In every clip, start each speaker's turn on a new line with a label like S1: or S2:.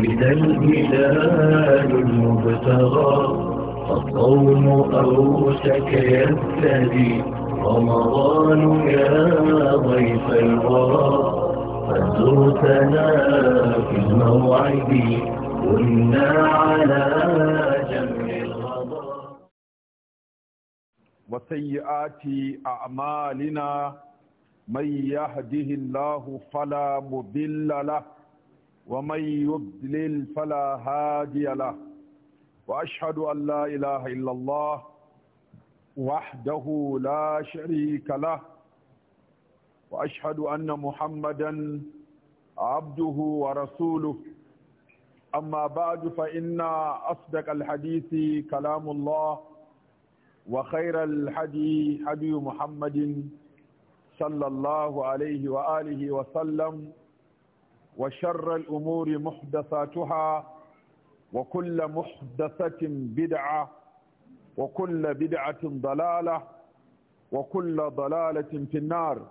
S1: من الهلال المبتغى فالصوم أوشك يبتدي رمضان يا ضيف الورى فزرتنا في الموعد كنا على جمع الغضاء
S2: وسيئات أعمالنا من يهده الله فلا مضل له ومن يضلل فلا هادي له وأشهد أن لا إله إلا الله وحده لا شريك له وأشهد أن محمدا عبده ورسوله أما بعد فإن أصدق الحديث كلام الله وخير الحدي حدي محمد صلى الله عليه وآله وسلم وشر الأمور محدثاتها وكل محدثة بدعة وكل بدعة ضلالة وكل ضلالة في النار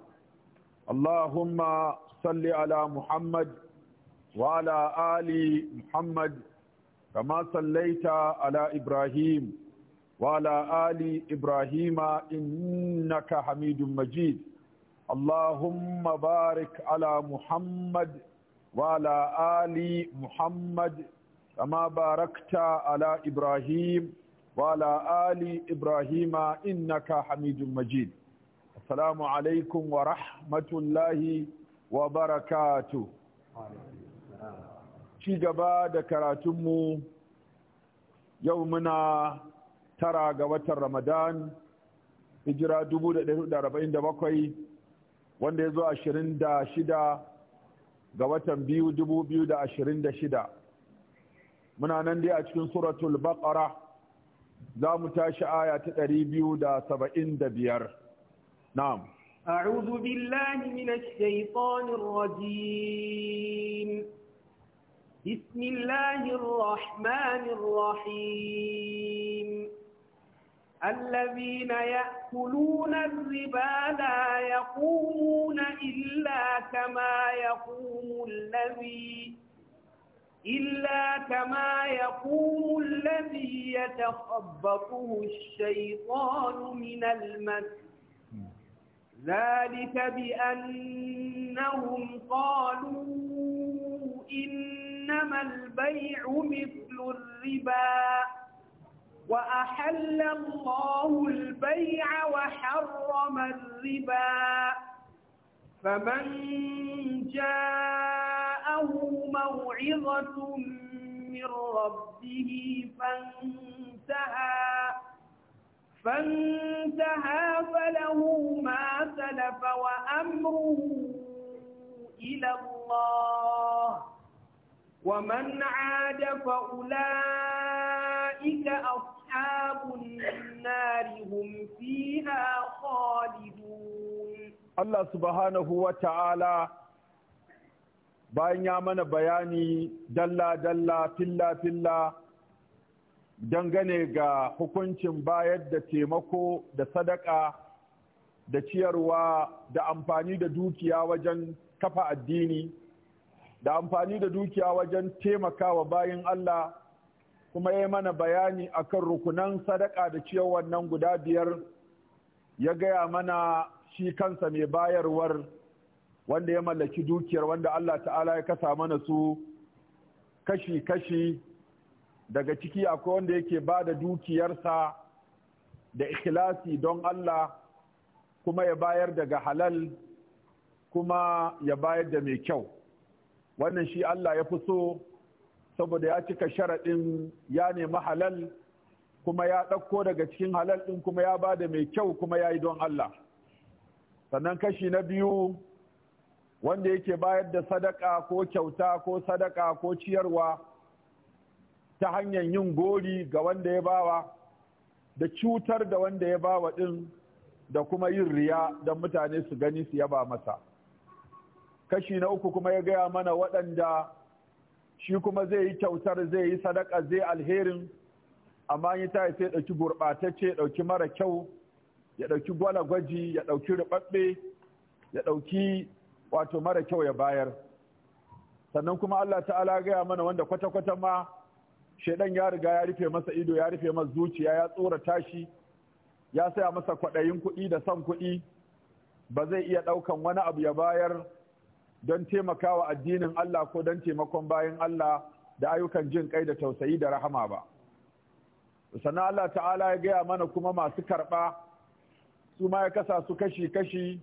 S2: اللهم صل على محمد وعلى آل محمد كما صليت على إبراهيم وعلى آل إبراهيم إنك حميد مجيد اللهم بارك على محمد وعلى آل محمد كما باركت على إبراهيم وعلى آل إبراهيم إنك حميد مجيد السلام عليكم ورحمة الله وبركاته ci gaba da karatunmu yau muna tara ga watan ramadan hijira 1447 wanda ya zo 26 ga watan biyu dubu biyu da ashirin da shida muna nan dai a cikin suratul baqara za mu tashi aya ta ɗari biyu da saba'in da biyar na'am
S1: a'udhu billahi minash shaitanir rajim بسم الله الرحمن الرحيم الذين يأ يأكلون الربا لا يقومون إلا كما يقوم الذي إلا كما يقوم الذي يتخبطه الشيطان من المس ذلك بأنهم قالوا إنما البيع مثل الربا وأحل الله البيع وحرم الربا فمن جاءه موعظة من ربه فانتهى فانتهى فله ما سلف وأمره إلى الله ومن عاد فأولئك أصحاب أصحاب النار هم فيها خالدون
S2: الله سبحانه وتعالى bayan ya mana bayani dalla-dalla filla-filla dangane ga hukuncin bayar da taimako da sadaka da ciyarwa da amfani da dukiya wajen kafa addini da amfani da dukiya wajen taimakawa bayan Allah kuma ya mana bayani akan rukunan sadaka da ciyar nan guda biyar ya gaya mana shi kansa mai bayarwar wanda ya mallaki dukiyar wanda Allah ta'ala ya kasa mana su kashi-kashi daga ciki akwai wanda yake ba da dukiyarsa da ikhlasi don Allah kuma ya bayar daga halal kuma ya bayar da mai kyau wannan shi Allah ya fi so saboda ya cika sharaɗin ya nemi halal kuma ya ɗauko daga cikin halal ɗin kuma ya ba da mai kyau kuma ya yi don Allah sannan kashi na biyu wanda yake bayar da sadaka ko kyauta ko sadaka ko ciyarwa ta hanyar yin gori ga wanda ya bawa da cutar da wanda ya bawa ɗin da kuma yin riya don mutane su gani su yaba masa kashi na uku kuma ya gaya mana waɗanda shi kuma zai yi kyautar zai yi sadaka zai alherin amma yi ta sai ɗauki gurɓatacce ɗauki mara kyau ya ɗauki gwala gwaji ya ɗauki riɓaɓɓe ya ɗauki wato mara kyau ya bayar sannan kuma Allah ta'ala gaya mana wanda kwata-kwata ma shaidan ya riga ya rufe masa ido ya rufe masa zuciya ya tsora tashi, ya saya masa kwaɗayin kuɗi da son kuɗi ba zai iya ɗaukan wani abu ya bayar don taimakawa addinin Allah ko don taimakon bayan Allah da ayyukan jin kai da tausayi da rahama ba sannan Allah ta'ala ya gaya mana kuma masu karɓa su ma ya kasa su kashi-kashi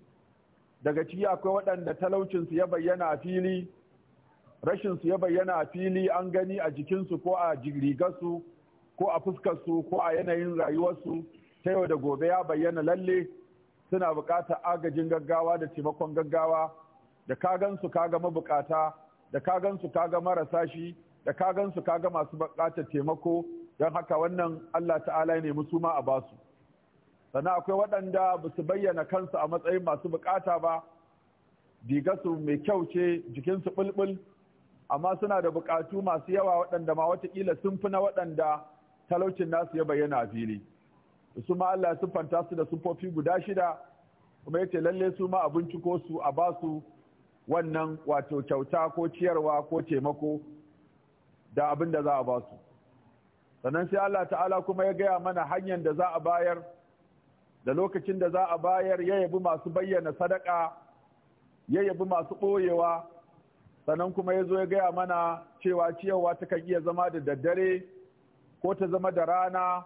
S2: daga ciki akwai waɗanda talaucinsu ya bayyana a fili rashinsu ya bayyana a fili an gani a jikinsu ko a rigarsu ko a fuskarsu ko a yanayin rayuwarsu ta yau da gobe ya bayyana lalle suna buƙatar agajin gaggawa da taimakon gaggawa da ka gansu ga mabukata da ka gansu ga marasa shi da ka gansu ga masu bukatar taimako don haka wannan Allah ta'ala ne su ma a basu sannan akwai waɗanda ba su bayyana kansu a matsayin masu bukata ba diga su mai kyau ce jikinsu bulbul amma suna da bukatu masu yawa waɗanda ma watakila sun fi na waɗanda talaucin nasu ya bayyana a fili su ma Allah ya siffanta su da sufofi guda shida kuma yace lalle su ma abinci ko su a basu wannan wato kyauta ko ciyarwa ko taimako da abin da za a ba su sannan sai Allah ta'ala kuma ya gaya mana hanyar da za a bayar da lokacin da za a bayar ya yabi masu bayyana sadaka ya yabi masu ɓoyewa sannan kuma ya zo ya gaya mana cewa ciyarwa kan iya zama da daddare ko ta zama da rana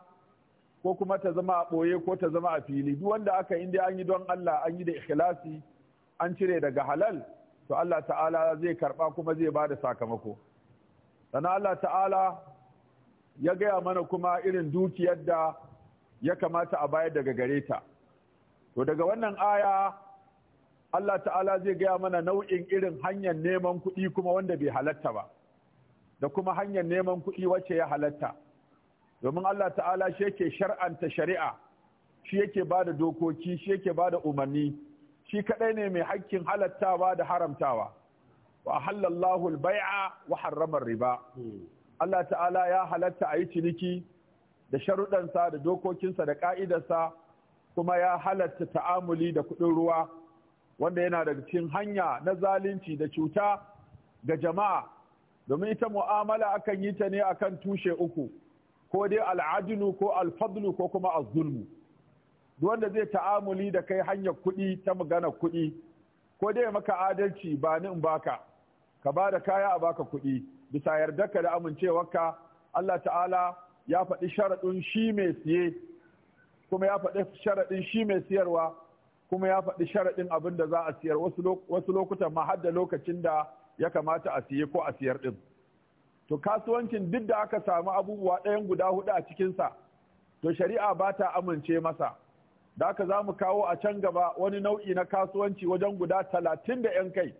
S2: ko kuma ta zama a ɓoye ko ta zama a fili duk wanda aka inda an yi don Allah an yi da ikhlasi an cire daga halal to Allah ta'ala zai karɓa kuma zai ba da sakamako sannan Allah ta'ala ya gaya mana kuma irin dukiyar da ya kamata a bayar daga gare ta to daga wannan aya Allah ta'ala zai gaya mana nau'in irin hanyar neman kuɗi kuma wanda bai halatta ba da kuma hanyar neman kuɗi wacce ya halatta domin Allah ta'ala shi yake shar'anta shari'a shi yake ba da dokoki shi yake ba da umarni shi kaɗai ne mai hakkin halattawa da haramtawa wa halallahu al-bai'a wa harrama riba Allah ta'ala ya halatta a yi ciniki da sharuɗansa da dokokinsa da ƙa'idarsa kuma ya halatta ta'amuli da kuɗin ruwa wanda yana daga cikin hanya na zalunci da cuta ga jama'a domin ita mu'amala akan yi ta ne akan tushe uku ko dai al'adunu ko alfadlu ko kuma alzulmu. duk wanda zai ta'amuli da kai hanyar kuɗi ta magana kuɗi ko dai maka adalci ba ni in baka ka ba da kaya a baka kuɗi bisa yarda ka da amincewarka Allah ta'ala ya faɗi sharaɗin shi mai siye kuma ya faɗi sharaɗin shi mai siyarwa kuma ya faɗi sharaɗin abin da za a siyar wasu lokutan ma har lokacin da ya kamata a siye ko a siyar ɗin to kasuwancin duk da aka samu abubuwa ɗayan guda hudu a cikinsa to shari'a ba ta amince masa da aka za mu kawo a can gaba wani nau'i na kasuwanci wajen guda talatin da 'yan kai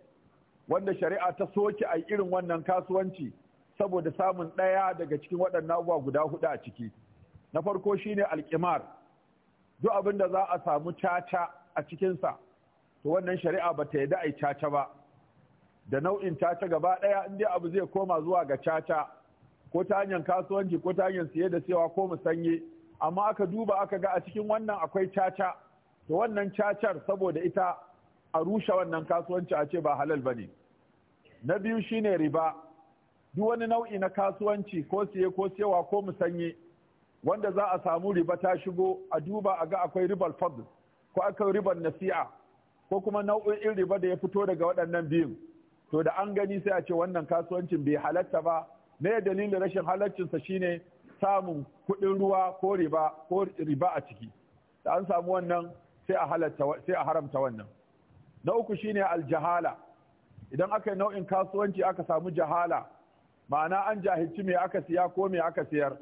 S2: wanda shari'a ta soke a irin wannan kasuwanci saboda samun ɗaya daga cikin waɗannan abubuwa guda hudu a ciki na farko shine alƙimar duk abin da za a samu caca a cikinsa to wannan shari'a ba ta yadda a caca ba da nau'in caca gaba ɗaya in dai abu zai koma zuwa ga caca ko ta hanyar kasuwanci ko ta hanyar siye da siyawa ko musanye amma aka duba aka ga a cikin wannan akwai caca to wannan cacar saboda ita a rushe wannan kasuwanci a ce ba halal ba ne na biyu shine riba duk wani nau'i na kasuwanci ko siye ko siyawa ko musanye wanda za a samu riba ta shigo a duba a ga akwai ribar fadl ko akwai ribar nasi'a ko kuma nau'o'in riba da ya fito daga waɗannan biyun to da an gani sai a ce wannan kasuwancin bai halatta ba me dalilin rashin halaccinsa shine samun kuɗin ruwa ko riba a ciki da an samu wannan sai a haramta wannan na uku shine aljahala idan aka yi nau'in kasuwanci aka samu jahala ma'ana an jahilci me aka siya ko me aka siyar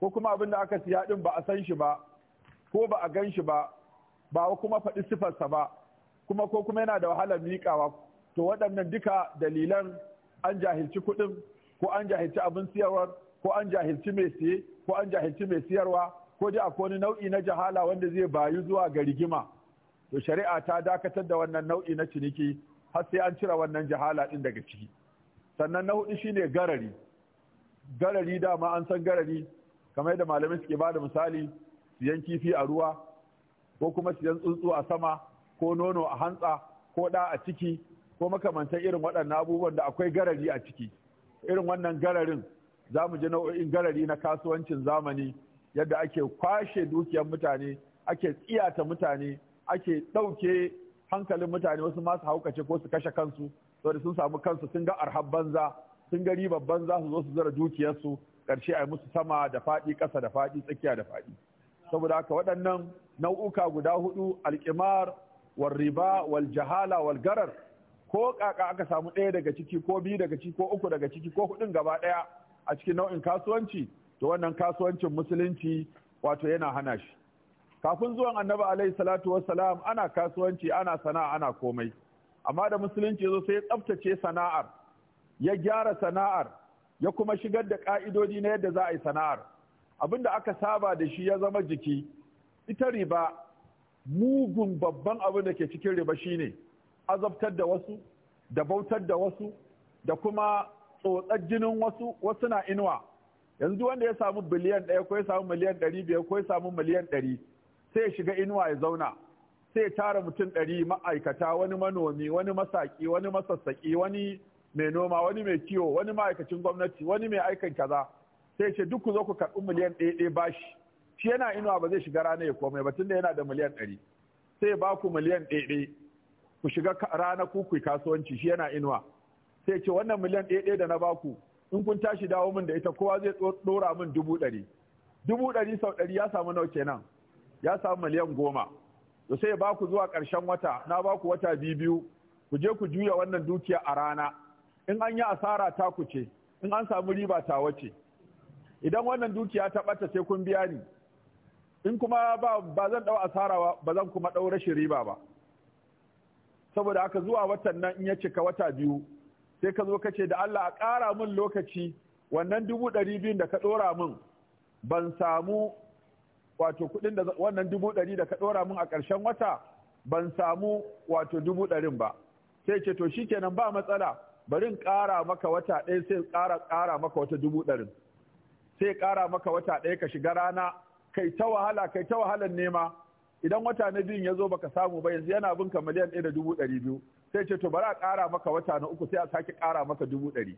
S2: ko kuma abin da aka siya din ba a san shi ba ko ba a gan shi ba ba kuma faɗi sifarsa ba kuma ko kuma yana da wahalar miƙawa to waɗannan duka dalilan an jahilci kuɗin ko an jahilci abin siyarwar ko an jahilci mai siye ko an jahilci mai siyarwa ko dai akwai wani nau'i na jahala wanda zai bayu zuwa ga rigima to shari'a ta dakatar da wannan nau'i na ciniki har sai an cire wannan jahala din daga ciki sannan na hudu shine garari garari dama an san garari kamar yadda malamai suke bada misali siyan kifi a ruwa ko kuma siyan tsuntsu a sama ko nono a hantsa ko da a ciki ko makamantar irin waɗannan abubuwan da akwai garari a ciki irin wannan gararin za mu ji nau'o'in garari na kasuwancin zamani yadda ake kwashe dukiyar mutane ake tsiyata mutane ake ɗauke hankalin mutane wasu masu haukace ko su kashe kansu saboda sun samu kansu sun ga arhab banza sun ga ribar banza su zo su zara dukiyarsu ƙarshe a yi musu sama da faɗi ƙasa da faɗi tsakiya da faɗi saboda haka waɗannan nau'uka guda hudu alƙimar wal riba wal jahala wal garar ko ƙaƙa aka samu ɗaya daga ciki ko biyu daga ciki ko uku daga ciki ko hudun gaba ɗaya a cikin nau'in kasuwanci to wannan kasuwancin musulunci wato yana hana shi kafin zuwan annabi alaihi salatu wassalam ana kasuwanci ana sana'a ana komai amma da musulunci zo sai ya tsaftace sana'ar ya gyara sana'ar ya kuma shigar da ka'idodi na yadda za a yi sana'ar Abin da aka saba da shi ya zama jiki ita riba mugun babban abin da ke cikin riba shine azabtar da wasu da bautar da wasu da kuma tsotsar jinin wasu wasu na inuwa yanzu wanda ya samu biliyan ɗaya ko ya samu miliyan ɗari biyar ko ya samu miliyan ɗari sai ya shiga inuwa ya zauna sai ya tara mutum ɗari ma'aikata wani manomi wani masaki wani masassaƙi wani mai noma wani mai kiwo wani ma'aikacin gwamnati wani mai aikan kaza sai ya ce duk ku zo ku karɓi miliyan ɗaya ɗaya bashi shi yana inuwa ba zai shiga rana ya komai ba tunda yana da miliyan ɗari sai ba ku miliyan ɗaya ɗaya ku shiga rana ku ku kasuwanci shi yana inuwa sai ce wannan miliyan ɗaya ɗaya da na baku in kun tashi dawo min da ita kowa zai ɗora min dubu ɗari dubu ɗari sau ɗari ya samu nawa kenan ya samu miliyan goma to sai ba ku zuwa ƙarshen wata na ba ku wata biyu biyu ku je ku juya wannan dukiya a rana in an yi asara ta ku ce in an samu riba ta wace idan wannan dukiya ta ɓata sai kun biya ni in kuma ba zan ɗau asara ba ba zan kuma ɗau rashin riba ba saboda haka zuwa watan nan in ya cika wata biyu sai ka zo ka ce da Allah a ƙara min lokaci wannan dubu ɗari biyun da ka ɗora min ban samu wato kuɗin da wannan dubu ɗari da ka ɗora min a ƙarshen wata ban samu wato dubu ɗarin ba sai ce to shi kenan ba matsala bari in ƙara maka wata ɗaya sai ƙara ƙara maka wata dubu ɗarin sai ƙara maka wata ɗaya ka shiga rana kai ta wahala kai ta wahalar nema idan wata na biyun ya zo baka samu ba yanzu yana ka miliyan ɗaya da dubu ɗari biyu sai ce to bari a ƙara maka wata na uku sai a sake ƙara maka dubu ɗari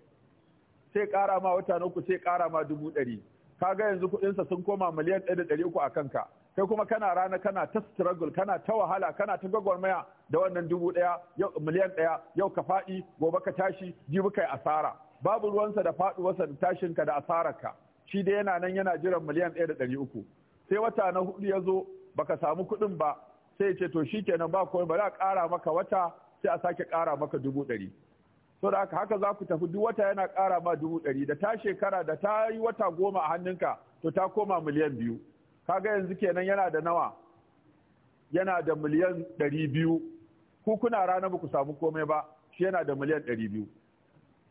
S2: sai ƙara ma wata na uku sai ƙara ma dubu ɗari Ka ga yanzu kuɗinsa sun koma miliyan ɗaya da ɗari uku a kanka kai kuma kana rana kana ta struggle kana ta wahala kana ta gwagwarmaya da wannan dubu ɗaya yau miliyan ɗaya yau ka faɗi gobe ka tashi jibi kai asara babu ruwansa da faɗuwarsa da tashinka da asararka shi dai yana nan yana jiran miliyan ɗaya da ɗari uku sai wata na hudu ya zo baka samu kuɗin ba sai ce to kenan ba komai bari a ƙara maka wata sai a sake ƙara maka dubu ɗari so da haka haka za ku tafi duk wata yana ƙara ma dubu ɗari da ta shekara da ta yi wata goma a hannunka to ta koma miliyan biyu kaga yanzu kenan yana da nawa yana da miliyan ɗari biyu ku kuna rana ba ku samu komai ba shi yana da miliyan ɗari biyu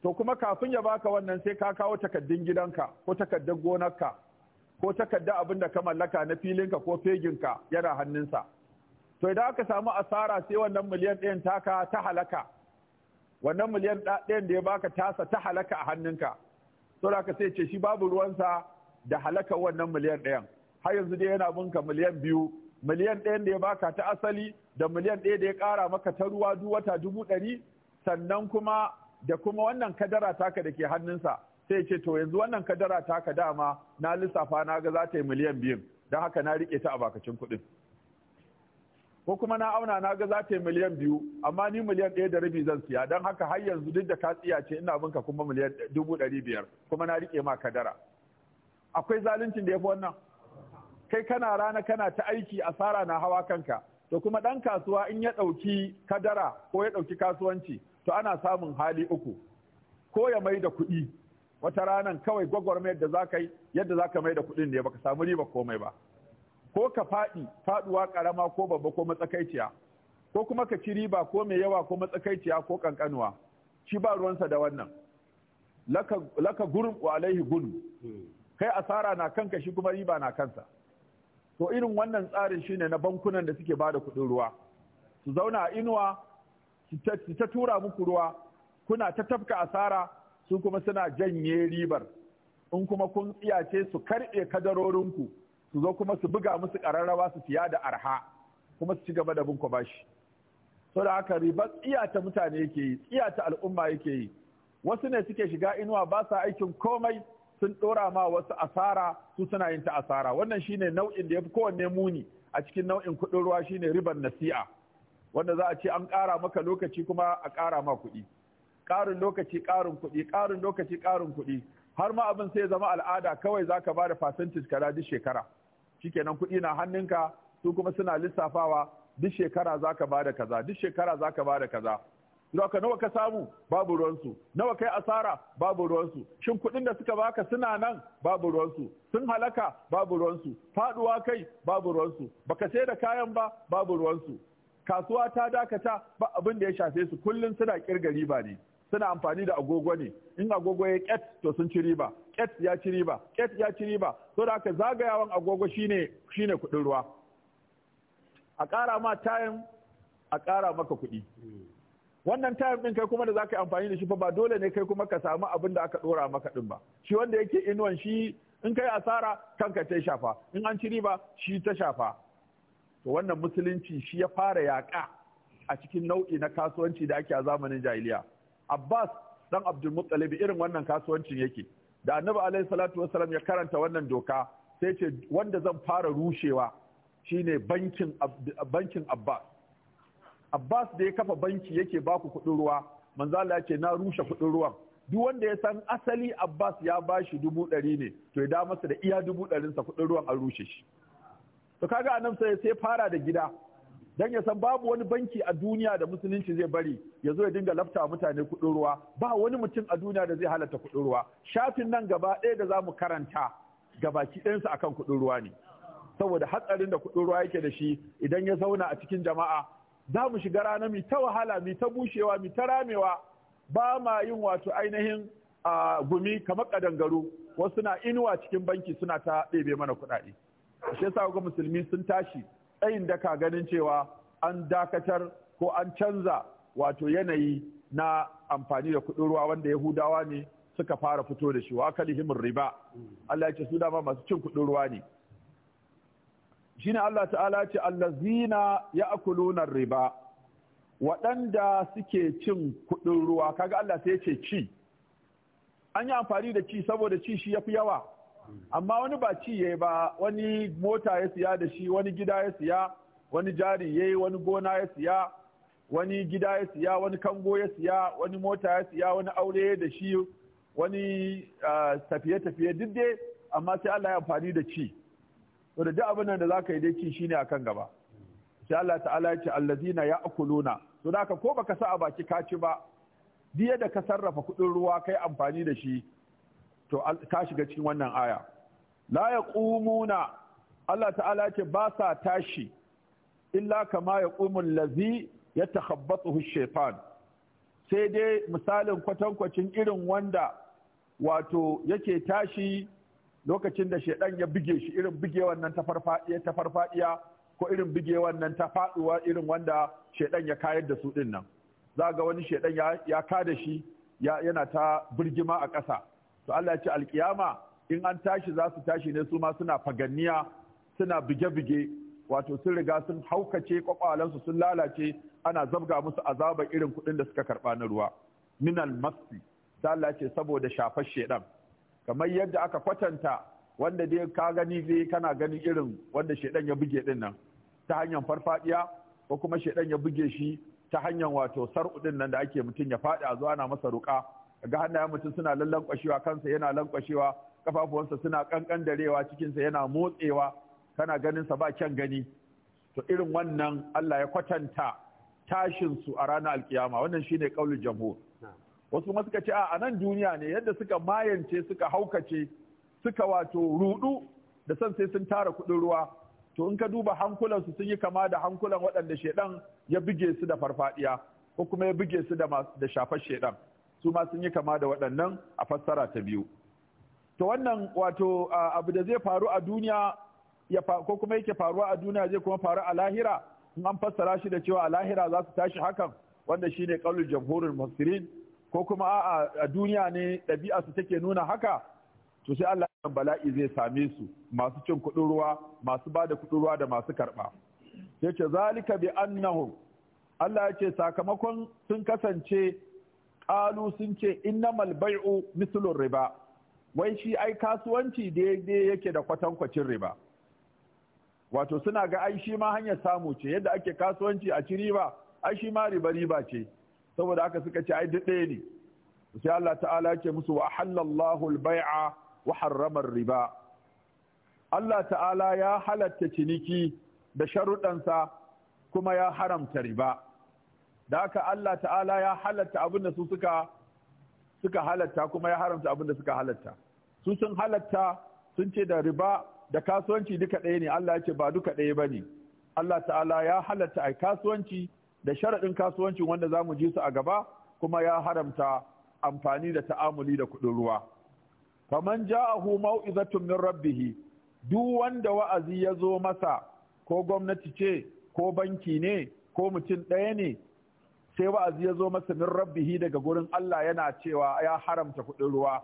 S2: to kuma kafin ya baka wannan sai ka kawo takaddun gidanka ko takaddun gonarka ko takaddun abin da ka mallaka na filinka ko feginka yana hannunsa to idan aka samu asara sai wannan miliyan ɗayan taka ta halaka wannan miliyan ɗayan da ya baka tasa ta halaka a hannunka to da aka sai ce shi babu ruwansa da halaka wannan miliyan ɗayan har yanzu dai yana bunka miliyan biyu miliyan ɗayan da ya baka ta asali da miliyan ɗaya da ya ƙara maka ta ruwa duk wata dubu ɗari sannan kuma da kuma wannan kadara taka da ke hannunsa sai ce to yanzu wannan kadara taka dama na lissafa na ga za ta yi miliyan biyun don haka na riƙe ta a bakacin kuɗin. ko kuma na auna na ga za ta yi miliyan biyu amma ni miliyan ɗaya da rabi zan siya don haka har yanzu duk da ka tsiya ce ina binka kuma miliyan dubu ɗari biyar kuma na riƙe ma kadara akwai zaluncin da ya fi wannan kai kana rana kana ta aiki asara na hawa kanka to kuma ɗan kasuwa in ya ɗauki kadara ko ya ɗauki kasuwanci to ana samun hali uku ko ya mai da kuɗi wata ranan kawai gwagwarmayar da za ka yi yadda za ka mai da kuɗin ne baka samu riba komai ba ko ka faɗi faɗuwa ƙarama ko babba ko matsakaiciya ko kuma ka ci riba ko mai yawa ko matsakaiciya ko ƙanƙanuwa shi ba ruwansa da wannan laka, laka gurum wa gudu hmm. kai asara na kanka shi kuma riba na kansa to irin wannan tsarin shine na bankunan da suke bada kuɗin ruwa su zauna a inuwa su ta tura muku ruwa kuna ta tafka asara su kuma suna janye ribar in kuma kun tsiyace su karɓe kadarorinku su zo kuma su buga musu ƙararrawa su siya da arha kuma su ci gaba da bin bashi da haka riba ta mutane yake yi ta al'umma yake yi wasu ne suke shiga inuwa ba sa aikin komai sun ɗora ma wasu asara su suna yin ta asara wannan shine nau'in da ya fi kowanne muni a cikin nau'in kuɗin ruwa shine riban nasi'a wanda za a ce an ƙara maka lokaci kuma a ƙara ma kuɗi ƙarin lokaci ƙarin kuɗi ƙarin lokaci ƙarin kuɗi har ma abin sai zama al'ada kawai zaka ba da fasantis kaza duk shekara shikenan kuɗi na hannunka su kuma suna lissafawa duk shekara za ka bada kaza duk shekara za zaka bada kaza ka nawa ka samu babu ruwansu, nawa kai asara babu ruwansu, shin kuɗin da suka baka suna nan babu ruwansu, sun halaka babu ruwansu, faɗuwa kai babu ruwansu, baka sai da kayan ba babu ruwansu. Kasuwa ta dakata ba abin da ya shafe su kullum suna kirga riba ne. suna amfani da agogo ne in agogo ya ƙet to sun ci riba Ƙet ya ci riba Ƙet ya ci riba So da aka zagayawan agogo shine shine kuɗin ruwa a ƙara ma time a ƙara maka kuɗi wannan time ɗin kai kuma da za ka yi amfani da shi fa ba dole ne kai kuma ka samu abin da aka ɗora maka ɗin ba shi wanda yake inuwan shi in kai asara kanka ta shafa in an ci riba shi ta shafa to wannan musulunci shi ya fara yaƙa a cikin nau'i na kasuwanci da ake a zamanin jahiliya Abbas dan Abdul Muttalib irin wannan kasuwancin yake da Annabi alaihi salatu wassalam ya karanta wannan doka sai ce wanda zan fara rushewa shine bankin bankin Abbas Abbas da ya kafa banki yake baku kuɗin ruwa manzo Allah na rushe kuɗin ruwan duk wanda ya san asali Abbas ya bashi dubu ɗari ne to ya da masa da iya dubu sa kuɗin ruwan an rushe shi to kaga annabi sai sai fara da gida dan ya san babu wani banki a duniya da musulunci zai bari ya zo ya dinga lafta mutane kuɗin ruwa ba wani mutum a duniya da zai halatta kuɗin ruwa shafin nan gaba ɗaya da za mu karanta gabaki ɗayansa akan kuɗin ruwa ne saboda hatsarin da kuɗin ruwa yake da shi idan ya zauna a cikin jama'a za mu shiga rana mi ta wahala mi ta bushewa mi ta ramewa ba ma yin wato ainihin gumi kamar kadangaru wasu na inuwa cikin banki suna ta ɗebe mana kuɗaɗe shi yasa ga musulmi sun tashi tsayin ka ganin cewa an dakatar ko an canza wato yanayi na amfani da kuɗin ruwa wanda yahudawa ne suka fara fito da shi wa kalihimin riba Allah ya ce su dama masu cin kuɗin ruwa ne shine Allah ta'ala ce allazina ya'kuluna riba waɗanda suke cin kuɗin ruwa kaga Allah sai ya ce ci an yi amfani da ci saboda ci shi yafi yawa amma wani ba ci yayi ba wani mota ya siya da shi wani gida ya siya wani jari yayi wani gona ya siya wani gida ya siya wani kango ya siya wani mota ya siya wani aure da shi wani tafiye-tafiye duk dai amma sai Allah ya amfani da ci to da duk abin da zaka yi dai ci shine akan gaba sai Allah ta'ala ya ce allazina ya'kuluna to da ko baka sa a baki ka ci ba diya da ka sarrafa kuɗin ruwa kai amfani da shi to ka shiga cikin wannan aya la ƙumuna Allah ta'ala ce ba sa tashi illa kama yaqumu allazi yatakhabbathu ash-shaytan sai dai misalin kwatankwacin irin wanda wato yake tashi lokacin da shaidan ya bige shi irin bige wannan ta farfadiya ta farfadiya ko irin bige wannan ta faduwa irin wanda shaidan ya kayar da su din nan za ga wani shaidan ya ya da shi yana ta birgima a ƙasa to Allah ya ce alkiyama in an tashi za su tashi ne su ma suna faganniya suna buge buge wato sun riga sun haukace kwakwalansu sun lalace ana zabga musu azaba irin kuɗin da suka karɓa na ruwa minal masti ta Allah ce saboda shafar shedan kamar yadda aka kwatanta wanda dai ka gani dai kana gani irin wanda shedan ya buge din nan ta hanyar farfadiya ko kuma shedan ya buge shi ta hanyar wato sar'u din nan da ake mutum ya faɗi a zuwa ana masa ruka ga hannayen mutum suna lallankwashewa kansa yana lankwashewa kafafuwansa suna kankan darewa cikinsa yana motsewa kana ganin sa ba kyan gani to irin wannan Allah ya kwatanta tashin su a ranar alkiyama wannan shine kaulul jamhur wasu masu suka a nan duniya ne yadda suka mayance suka haukace suka wato rudu da san sai sun tara kudin ruwa to in ka duba hankulansu sun yi kama da hankulan waɗanda shedan ya buge su da farfadiya ko kuma ya buge su da shafar shedan su ma sun yi kama da waɗannan a fassara ta biyu to wannan wato abu da zai faru a duniya ya ko kuma yake faruwa a duniya zai kuma faru a lahira in an fassara shi da cewa a lahira za su tashi hakan wanda shi ne qaulul jamhurin masirin ko kuma a duniya ne ɗabi'a su take nuna haka to sai Allah ya bala'i zai same su masu cin kuɗin ruwa masu ba da kuɗin ruwa da masu karɓa sai ce zalika bi annahu Allah ya ce sakamakon sun kasance qalu sun ce innamal bai'u mislun riba wai shi ai kasuwanci daidai yake da kwatankwacin riba wato suna ga ai shi ma hanyar samu ce yadda ake kasuwanci a ci riba ai shi ma riba riba ce saboda aka suka ce ai duk ɗaya ne sai Allah ta'ala ce musu wa halallahu al-bai'a wa harrama riba Allah ta'ala ya halatta ciniki da sharuɗansa kuma ya haramta riba da haka Allah ta'ala ya halatta abin da su suka suka halatta kuma ya haramta abin da suka halatta su sun halatta sun ce da riba da kasuwanci duka ɗaya ne Allah ya ce ba duka ɗaya ba ne Allah ta'ala ya halatta a kasuwanci da sharaɗin kasuwanci, wanda za mu ji su a gaba kuma ya haramta amfani da ta'amuli da kuɗin ruwa faman ja'ahu mau'izatun min rabbih duk wanda wa'azi ya zo masa ko gwamnati ce ko banki ne ko mutum ɗaya ne sai wa'azi ya zo masa min rabbihi daga gurin Allah yana cewa ya haramta kuɗin ruwa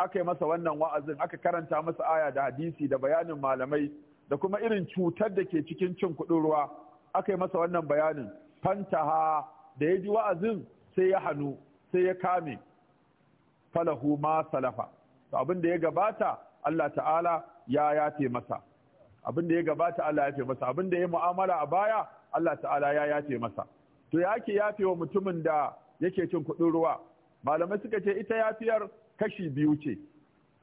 S2: aka yi masa wannan wa'azin aka karanta masa aya da hadisi da bayanin malamai da kuma irin cutar da ke cikin cin kuɗin ruwa aka yi masa wannan bayanin fantaha da ya ji wa'azin sai ya hannu sai ya kame falahu ma salafa to abin da ya gabata Allah ta'ala ya yafe masa abin da ya gabata Allah ya yafe masa abin da ya mu'amala a baya Allah ta'ala ya yafe masa to ya ke yafe wa mutumin da yake cin kuɗin ruwa malamai suka ce ita yafiyar kashi biyu ce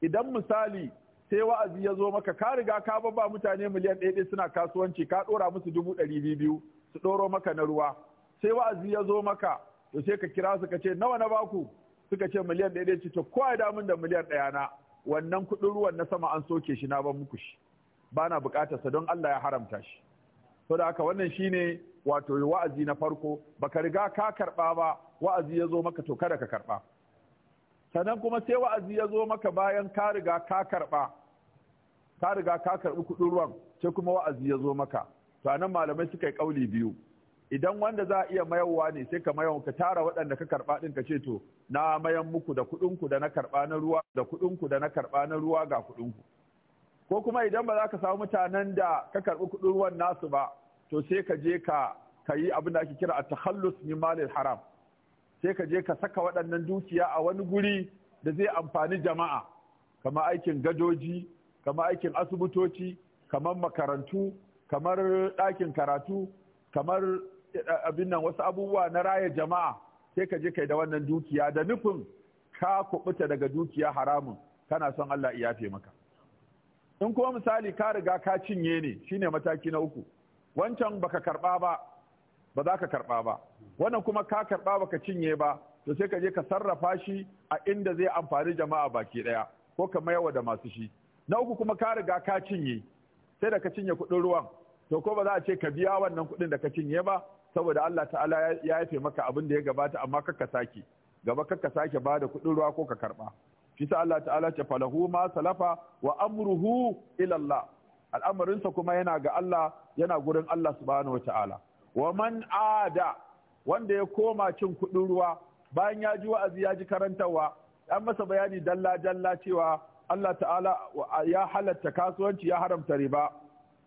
S2: idan misali sai wa'azi ya zo maka ka riga ka ba mutane miliyan ɗaya suna kasuwanci ka ɗora musu dubu ɗari biyu su ɗoro maka na ruwa sai wa'azi ya zo maka to sai ka kira su ka ce nawa na baku suka ce miliyan ɗaya ce to a da mun da miliyan ɗaya na wannan kuɗin ruwan na sama an soke shi na ban muku shi ba na bukatarsa don Allah ya haramta shi to da haka wannan shine wato wa'azi na farko baka riga ka karba ba wa'azi ya zo maka to kada ka karba sannan kuma sai wa'azi ya zo maka bayan ka riga ka karba ka riga ka karbi kudin ruwan sai kuma wa'azi ya zo maka to anan malamai suka yi kauli biyu idan wanda za a iya mayarwa ne sai ka mayar ka tara waɗanda ka karba din ka ce to na mayan muku da kudin ku da na karba na ruwa da kudin ku da na karba na ruwa ga kuɗinku. ku ko kuma idan ba za ka samu mutanen da ka karɓi kuɗin ruwan nasu ba to sai ka je ka ka yi abin da ake kira a takhallus min malil haram sai ka je ka saka waɗannan dukiya a wani guri da zai amfani jama'a kamar aikin gadoji kamar aikin asibitoci kamar makarantu kamar ɗakin karatu kamar eh, abin nan wasu abubuwa na raya jama'a sai ka je kai da wannan dukiya da nufin ka kuɓuta daga dukiya haramun kana son Allah ya yafe maka in kuma misali ka riga ka cinye ne shine mataki na uku wancan baka karba ba ba za ka karba ba wannan kuma ka karba baka cinye ba to sai ka je ka sarrafa shi a inda zai amfani jama'a baki daya ko ka mayawa da masu shi na uku kuma ka riga ka cinye sai da ka cinye kuɗin ruwan to ko ba za a ce ka biya wannan kuɗin da ka cinye ba saboda Allah ta'ala ya yafe maka abin da ya gabata amma kakka sake gaba kakka sake bada da kuɗin ruwa ko ka karɓa shi sa Allah ta'ala ce falahu ma salafa wa amruhu ila Allah al'amarinsa kuma yana ga Allah yana gurin Allah subhanahu Ta'ala. wa man ada wanda ya koma cin kudin ruwa bayan ya ji wa'azi ya ji karantarwa an masa bayani dalla dalla cewa Allah ta'ala ya halatta kasuwanci ya haramta riba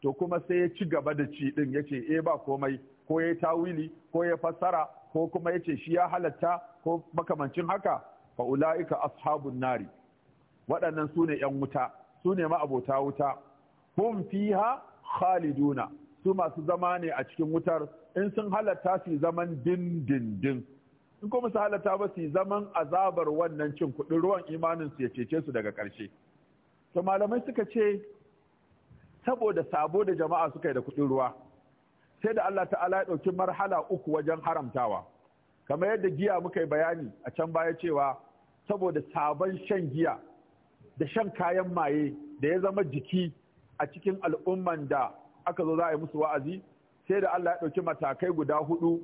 S2: to kuma sai ya ci gaba da ci din yace eh ba komai ko ya tawili ko ya fassara ko kuma yace shi ya halatta ko makamancin haka fa ulaika ashabun nari waɗannan sune yan wuta sune ma abota wuta hum fiha khaliduna su masu zama ne a cikin wutar in sun halatta su zaman dindindin in kuma su halatta ba su zaman azabar wannan cin kudin ruwan imanin su ya cece su daga ƙarshe to malamai suka ce saboda sabo da jama'a suka yi da kudin ruwa sai da Allah ta'ala ya ɗauki marhala uku wajen haramtawa kamar yadda giya muka yi bayani a can baya cewa saboda sabon shan giya da shan kayan maye da ya zama jiki a cikin al'umman da aka zo za a yi musu wa'azi sai da Allah ya ɗauki matakai guda hudu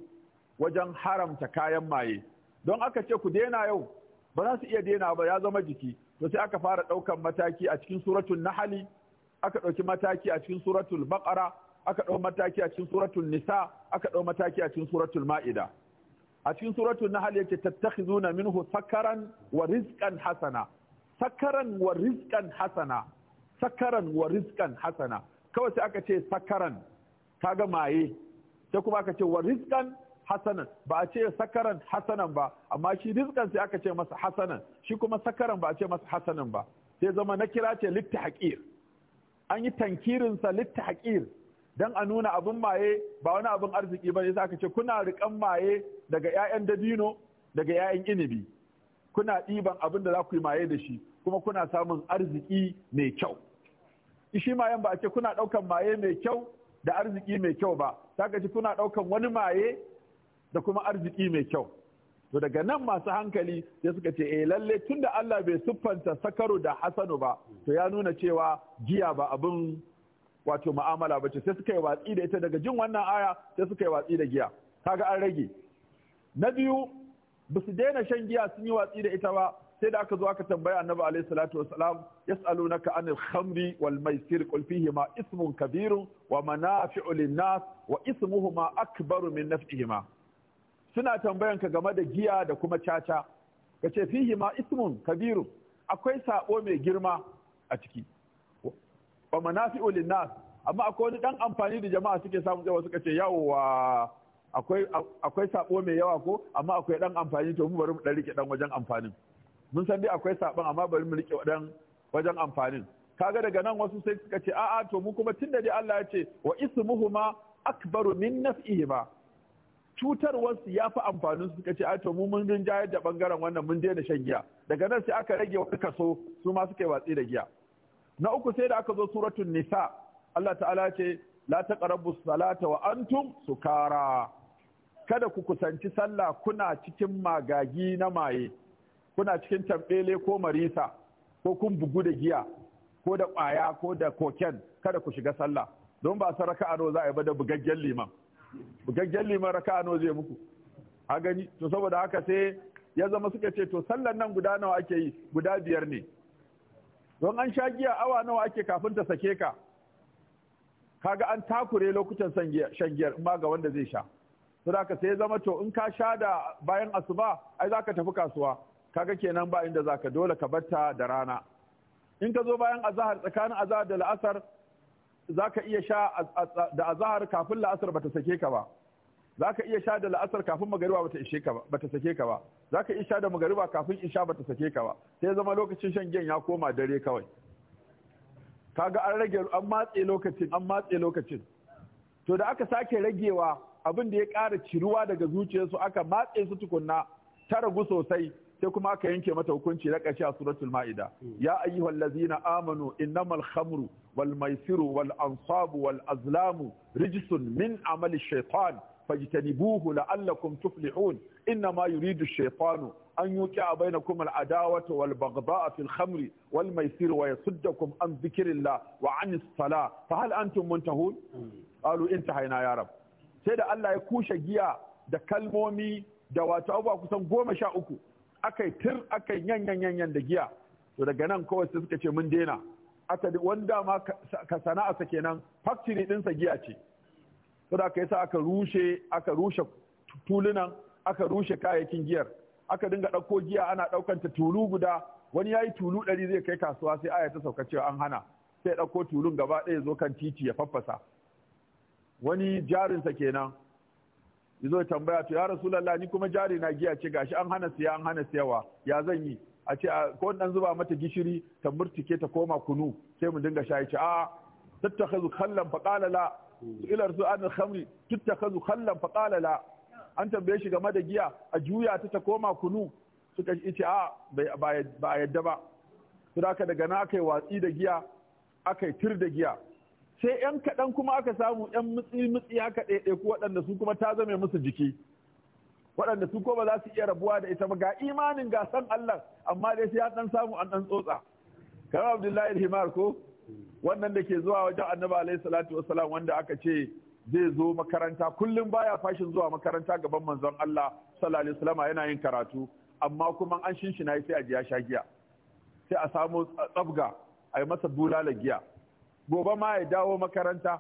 S2: wajen haramta kayan maye don aka ce ku daina yau ba za su iya daina ba ya zama jiki to sai aka fara ɗaukan mataki a cikin suratul nahali aka ɗauki mataki a cikin suratul baqara aka ɗau mataki a cikin suratul nisa aka ɗau mataki a cikin suratul ma'ida a cikin na suratul nahl tattaki tattakhizuna minhu sakaran wa rizqan hasana sakaran wa rizqan hasana sakaran wa rizqan hasana kawai sai aka ce sakaran kaga maye sai kuma aka ce wa rizqan hasanan ba a ce sakaran hasanan ba amma shi rizqan sai aka ce masa hasanan shi kuma sakaran ba a ce masa hasanan ba sai zama na kira ce littahqir an yi tankirinsa sa littahqir dan a nuna abin maye ba wani abin arziki ba yasa aka ce kuna riƙan maye daga 'ya'yan dabino daga 'ya'yan inibi kuna ɗiban abin da za ku yi maye da shi kuma kuna samun arziki mai kyau shi mayan ba a ce kuna ɗaukan maye mai kyau da arziki mai kyau ba za ka ce kuna ɗaukan wani maye da kuma arziki mai kyau to daga nan masu hankali ya suka ce eh lalle tunda Allah bai siffanta sakaru da hasanu ba to ya nuna cewa giya ba abin wato ma'amala bace sai suka yi watsi da ita daga jin wannan aya sai suka yi watsi da giya kaga an rage na biyu ba su daina shan giya sun yi watsi da ita ba sai da aka zo aka tambaya annabi alaihi salatu wasalam yas'alunaka anil khamri wal maisir qul fihima ismun kabirun wa manafi'u lin-nas wa ismuhuma akbaru min naf'ihima suna tambayan ka game da giya da kuma caca kace fihima ismun Kabiru. akwai sabo mai girma a ciki wa ulin nas amma akwai wani dan amfani da jama'a suke samu tsawa suka ce wa akwai akwai sabo mai yawa ko amma akwai dan amfani to mu bari mu dan rike dan wajen amfanin mun san dai akwai sabon amma bari mu rike dan wajen amfanin kaga daga nan wasu sai suka ce a'a to mu kuma tunda dai Allah ya ce wa ismuhuma akbaru min naf'ihima cutarwar su yafi amfanin suka ce ai to mu mun rinjayar da bangaren wannan mun daina shan giya daga nan sai aka rage wani kaso su ma suka yi watsi da giya na uku sai da aka zo suratun nisa Allah ta'ala ce la taqrabu salata wa antum sukara kada ku kusanci sallah kuna cikin magagi na maye kuna cikin tambele ko marisa ko kun bugu da giya ko da ƙwaya ko da koken kada ku shiga sallah don ba sa raka'a no za a yi ba da bugaggen liman bugaggen liman raka'a no zai muku a gani to saboda haka sai ya zama suka ce to sallan nan guda nawa ake yi guda biyar ne don an sha giya awa nawa ake kafin ta sake ka kaga an takure lokutan shan giyar ma ga wanda zai sha saboda sai zama to in ka sha da bayan asuba ai zaka tafi kasuwa kaga kenan ba inda zaka dole ka batta da rana in ka zo bayan azahar tsakanin azahar da la'asar zaka iya sha da azahar kafin la'asar bata sake ka ba za ka iya sha da la'asar kafin magariba bata ishe sake ka ba za ka iya sha da magariba kafin isha bata sake ka ba sai zama lokacin shan giyan ya koma dare kawai Ka ga an rage an matse lokacin an matse lokacin to da aka sake ragewa abin da ya ƙara ciruwa daga zuciyarsu aka matse su tukunna ta ragu sosai sai kuma aka yanke mata hukunci na ƙarshe a suratul ma'ida hmm. ya ayyuhal ladzina amanu innamal khamru wal maisiru wal ansabu wal azlamu rijsun min amali shaitan fajtanibuhu la'allakum tuflihun innama yuridu ash-shaytanu an yuqi'a bainakum al-adawata wal baghda'a fil khamri wal maisir wa yasuddakum an dhikrillah wa 'anis salah fa hal antum muntahun qalu intahayna ya rab sai da Allah ya kushe giya da kalmomi da wato abubuwa kusan goma sha uku akai tir akai yanyan yanyan da giya to daga nan kawai sai suka ce mun daina aka wanda ma ka sana'arsa kenan factory ɗinsa giya ce saboda aka yasa aka rushe aka rushe tulunan aka rushe kayayyakin giyar aka dinga ɗauko giya ana ɗaukanta tulu guda wani ya yi tulu ɗari zai kai kasuwa sai aya ta sauka cewa an hana sai ɗauko tulun gaba ɗaya zo kan titi ya faffasa wani jarinsa kenan ya zo tambaya to ya rasulallah ni kuma jari na giya ce gashi an hana siya an hana siyawa ya zan yi a ce ko dan zuba mata gishiri ta murtike ta koma kunu sai mu dinga shayi ce a tattakhazu khallan fa qala la su'ilar su an khamri tuttakazu khallan fa qala la an tambaye shi game da giya a juya ta ta koma kunu suka ce a ba yadda ba saboda daga na aka watsi da giya akai tir da giya sai yan kaɗan kuma aka samu yan mutsi mutsi haka ku waɗanda su kuma ta zame musu jiki waɗanda su ko ba za su iya rabuwa da ita ba ga imanin gasar Allah amma dai sai ya ɗan samu an ɗan tsotsa kamar Abdullahi Himar ko wannan da ke zuwa wajen annabi alaihi salatu wasalam wanda aka ce zai zo makaranta kullum baya fashin zuwa makaranta gaban manzon Allah sallallahu alaihi wasallam yana yin karatu amma kuma an shinshina sai a ji ya sha giya sai a samu tsabga a yi masa bulala giya gobe ma ya dawo makaranta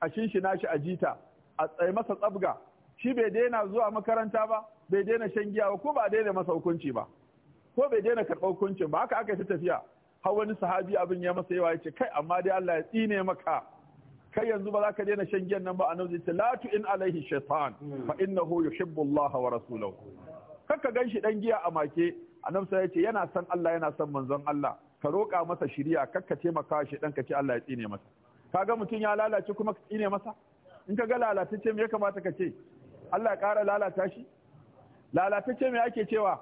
S2: a shinshina shi a jita a tsaye masa tsabga shi bai daina zuwa makaranta ba bai daina shan giya ba ko ba daina masa hukunci ba ko bai daina karɓar hukuncin ba haka aka yi ta tafiya har wani sahabi abin ya masa yawa ya ce kai amma dai Allah ya tsine maka kai yanzu ba za ka daina shan giyan nan ba annabi zai ce la tu in alaihi shaitan fa innahu yuhibbu Allah wa rasulahu kaka ganshi dan giya a make annabi sai ce yana son Allah yana son manzon Allah ka roƙa masa shiriya kakka taimaka shi dan ka ce Allah ya tsine masa kaga mutum ya lalace kuma ka tsine masa in ka ga lalatacce me ya kamata ka ce Allah ya ƙara lalata shi lalatacce me ake cewa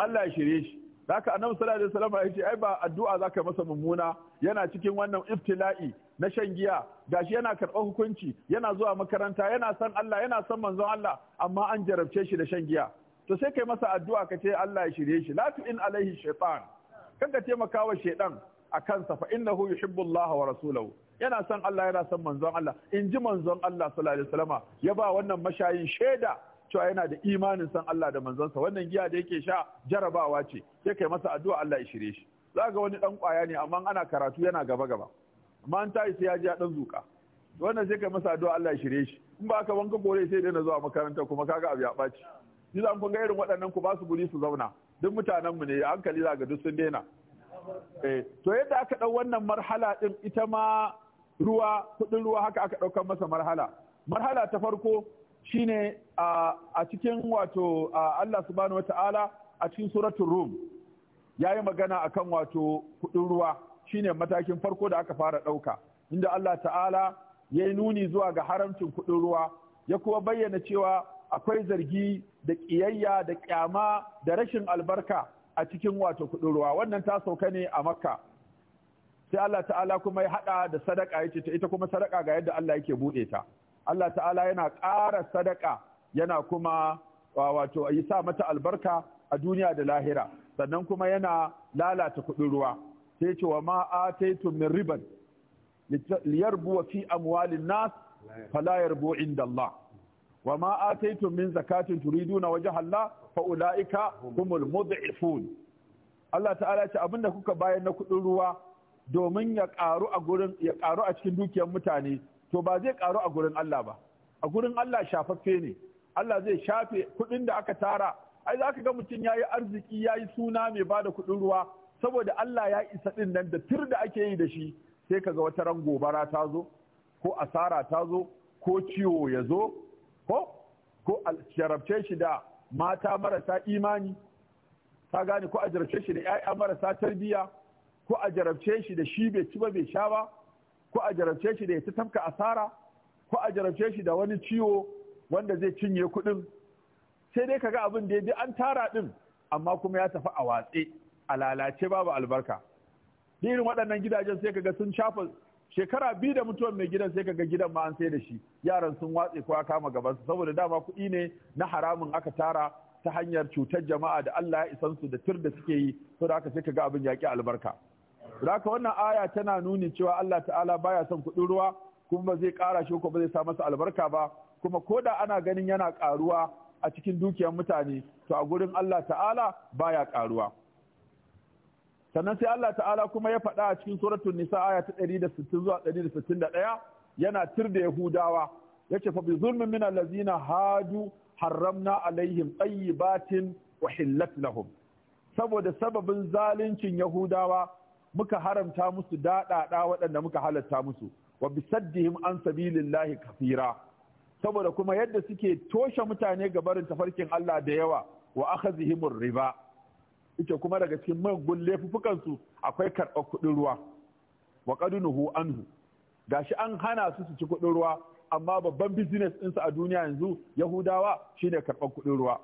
S2: Allah ya shirye shi haka annabi sallallahu alaihi wasallam ya ce ai ba addu'a zaka masa mummuna yana cikin wannan iftila'i na shan giya gashi yana karɓar hukunci yana zuwa makaranta yana san Allah yana san manzon Allah amma an jarabce shi da shan giya to sai kai masa addu'a ka ce Allah ya shirye shi la in alaihi shaytan ka taimaka wa shaydan a kansa fa innahu yuhibbu Allah wa rasulahu yana san Allah yana san manzon Allah in ji manzon Allah sallallahu alaihi wasallama ya ba wannan mashayin shaida cewa yana da imanin san Allah da manzansa wannan giya da yake sha jarabawa ce sai kai masa addu'a Allah ya shirye shi za ga wani dan kwaya ne amma ana karatu yana gaba gaba amma an tayi sai ya ji dan zuka wannan sai kai masa addu'a Allah ya shirye shi in ba ka wanka kore sai dai na zuwa makaranta kuma kaga abu ya ɓaci ni za kun ga irin waɗannan ku ba su guri su zauna duk mutanen mu ne a hankali za ga duk sun daina eh to yadda aka dau wannan marhala din ita ma ruwa kudin ruwa haka aka daukar masa marhala marhala ta farko shine a cikin wato Allah subhanahu ta'ala a cikin suratul rum yayi magana akan wato kudin ruwa shine matakin farko da aka fara ɗauka. inda Allah ta'ala ya yi nuni zuwa ga haramcin kudin ruwa ya kuma bayyana cewa akwai zargi da ƙiyayya da ƙyama da rashin albarka a cikin wato kudin ruwa wannan ta sauka ne a makka sai Allah ta'ala kuma ya hada da sadaka yace ta ita kuma sadaka ga yadda Allah yake buɗe ta Allah ta'ala yana ƙara sadaka yana kuma wato yi sa mata albarka a duniya da lahira sannan kuma yana lalata kuɗin ruwa sai ce wa ma ataitum min riban liyarbu fi amwalin nas fala yarbu inda Allah wa ma ataitum min zakatin turiduna wajha Allah fa ulaika humul mud'ifun Allah ta'ala ce abinda kuka bayar na kuɗin ruwa domin ya ƙaru a gurin ya ƙaru a cikin dukiyar mutane to ba zai karu a gurin Allah ba a gurin Allah shafaffe ne Allah zai shafe kuɗin da aka tara ai za ka ga mutum ya yi arziki ya yi suna mai ba da kuɗin ruwa saboda Allah ya isa ɗin nan da tur da ake yi da shi sai ka ga wata ran gobara ta zo ko asara ta zo ko ciwo ya zo ko ko jarabce shi da mata marasa imani ta gane ko a jarabce shi da 'ya'ya marasa tarbiyya ko a jarabce shi da shi bai ci ba bai sha ba ko a jarabce shi da ya ta tafka asara ko a jarabce shi da wani ciwo wanda zai cinye kuɗin sai dai kaga abin da ya an tara ɗin amma kuma ya tafi a watse a lalace babu albarka irin waɗannan gidajen sai kaga sun shafa shekara biyu da mutuwar mai gidan sai kaga gidan ma an sai da shi yaran sun watse ko kama gaban su saboda dama kuɗi ne na haramun aka tara ta hanyar cutar jama'a da Allah ya isansu da tur da suke yi saboda haka sai kaga abin yaƙi albarka Raka wannan aya tana nuni cewa Allah ta'ala baya son kuɗin ruwa kuma ba zai ƙara shi ko ba zai sa masa albarka ba kuma ko da ana ganin yana ƙaruwa a cikin dukiyar mutane to a gurin Allah ta'ala baya ƙaruwa. Sannan sai Allah ta'ala kuma ya faɗa a cikin suratul nisa aya ta 160 zuwa ɗaya yana tirda da Yahudawa ce fa bi zulmin min allazina hadu harramna alaihim tayyibatin batin lahum saboda sababin zaluncin Yahudawa muka haramta musu daɗaɗa waɗanda muka halatta musu wa bisaddihim an sabilillahi kafira saboda kuma yadda suke toshe mutane ga barin tafarkin Allah da yawa wa akhazihimur riba ita kuma daga cikin man laifukan su akwai karɓar kuɗin ruwa wa qadunuhu anhu gashi an hana su su ci kuɗin ruwa amma babban business ɗinsu a duniya yanzu yahudawa shine karɓar kuɗin ruwa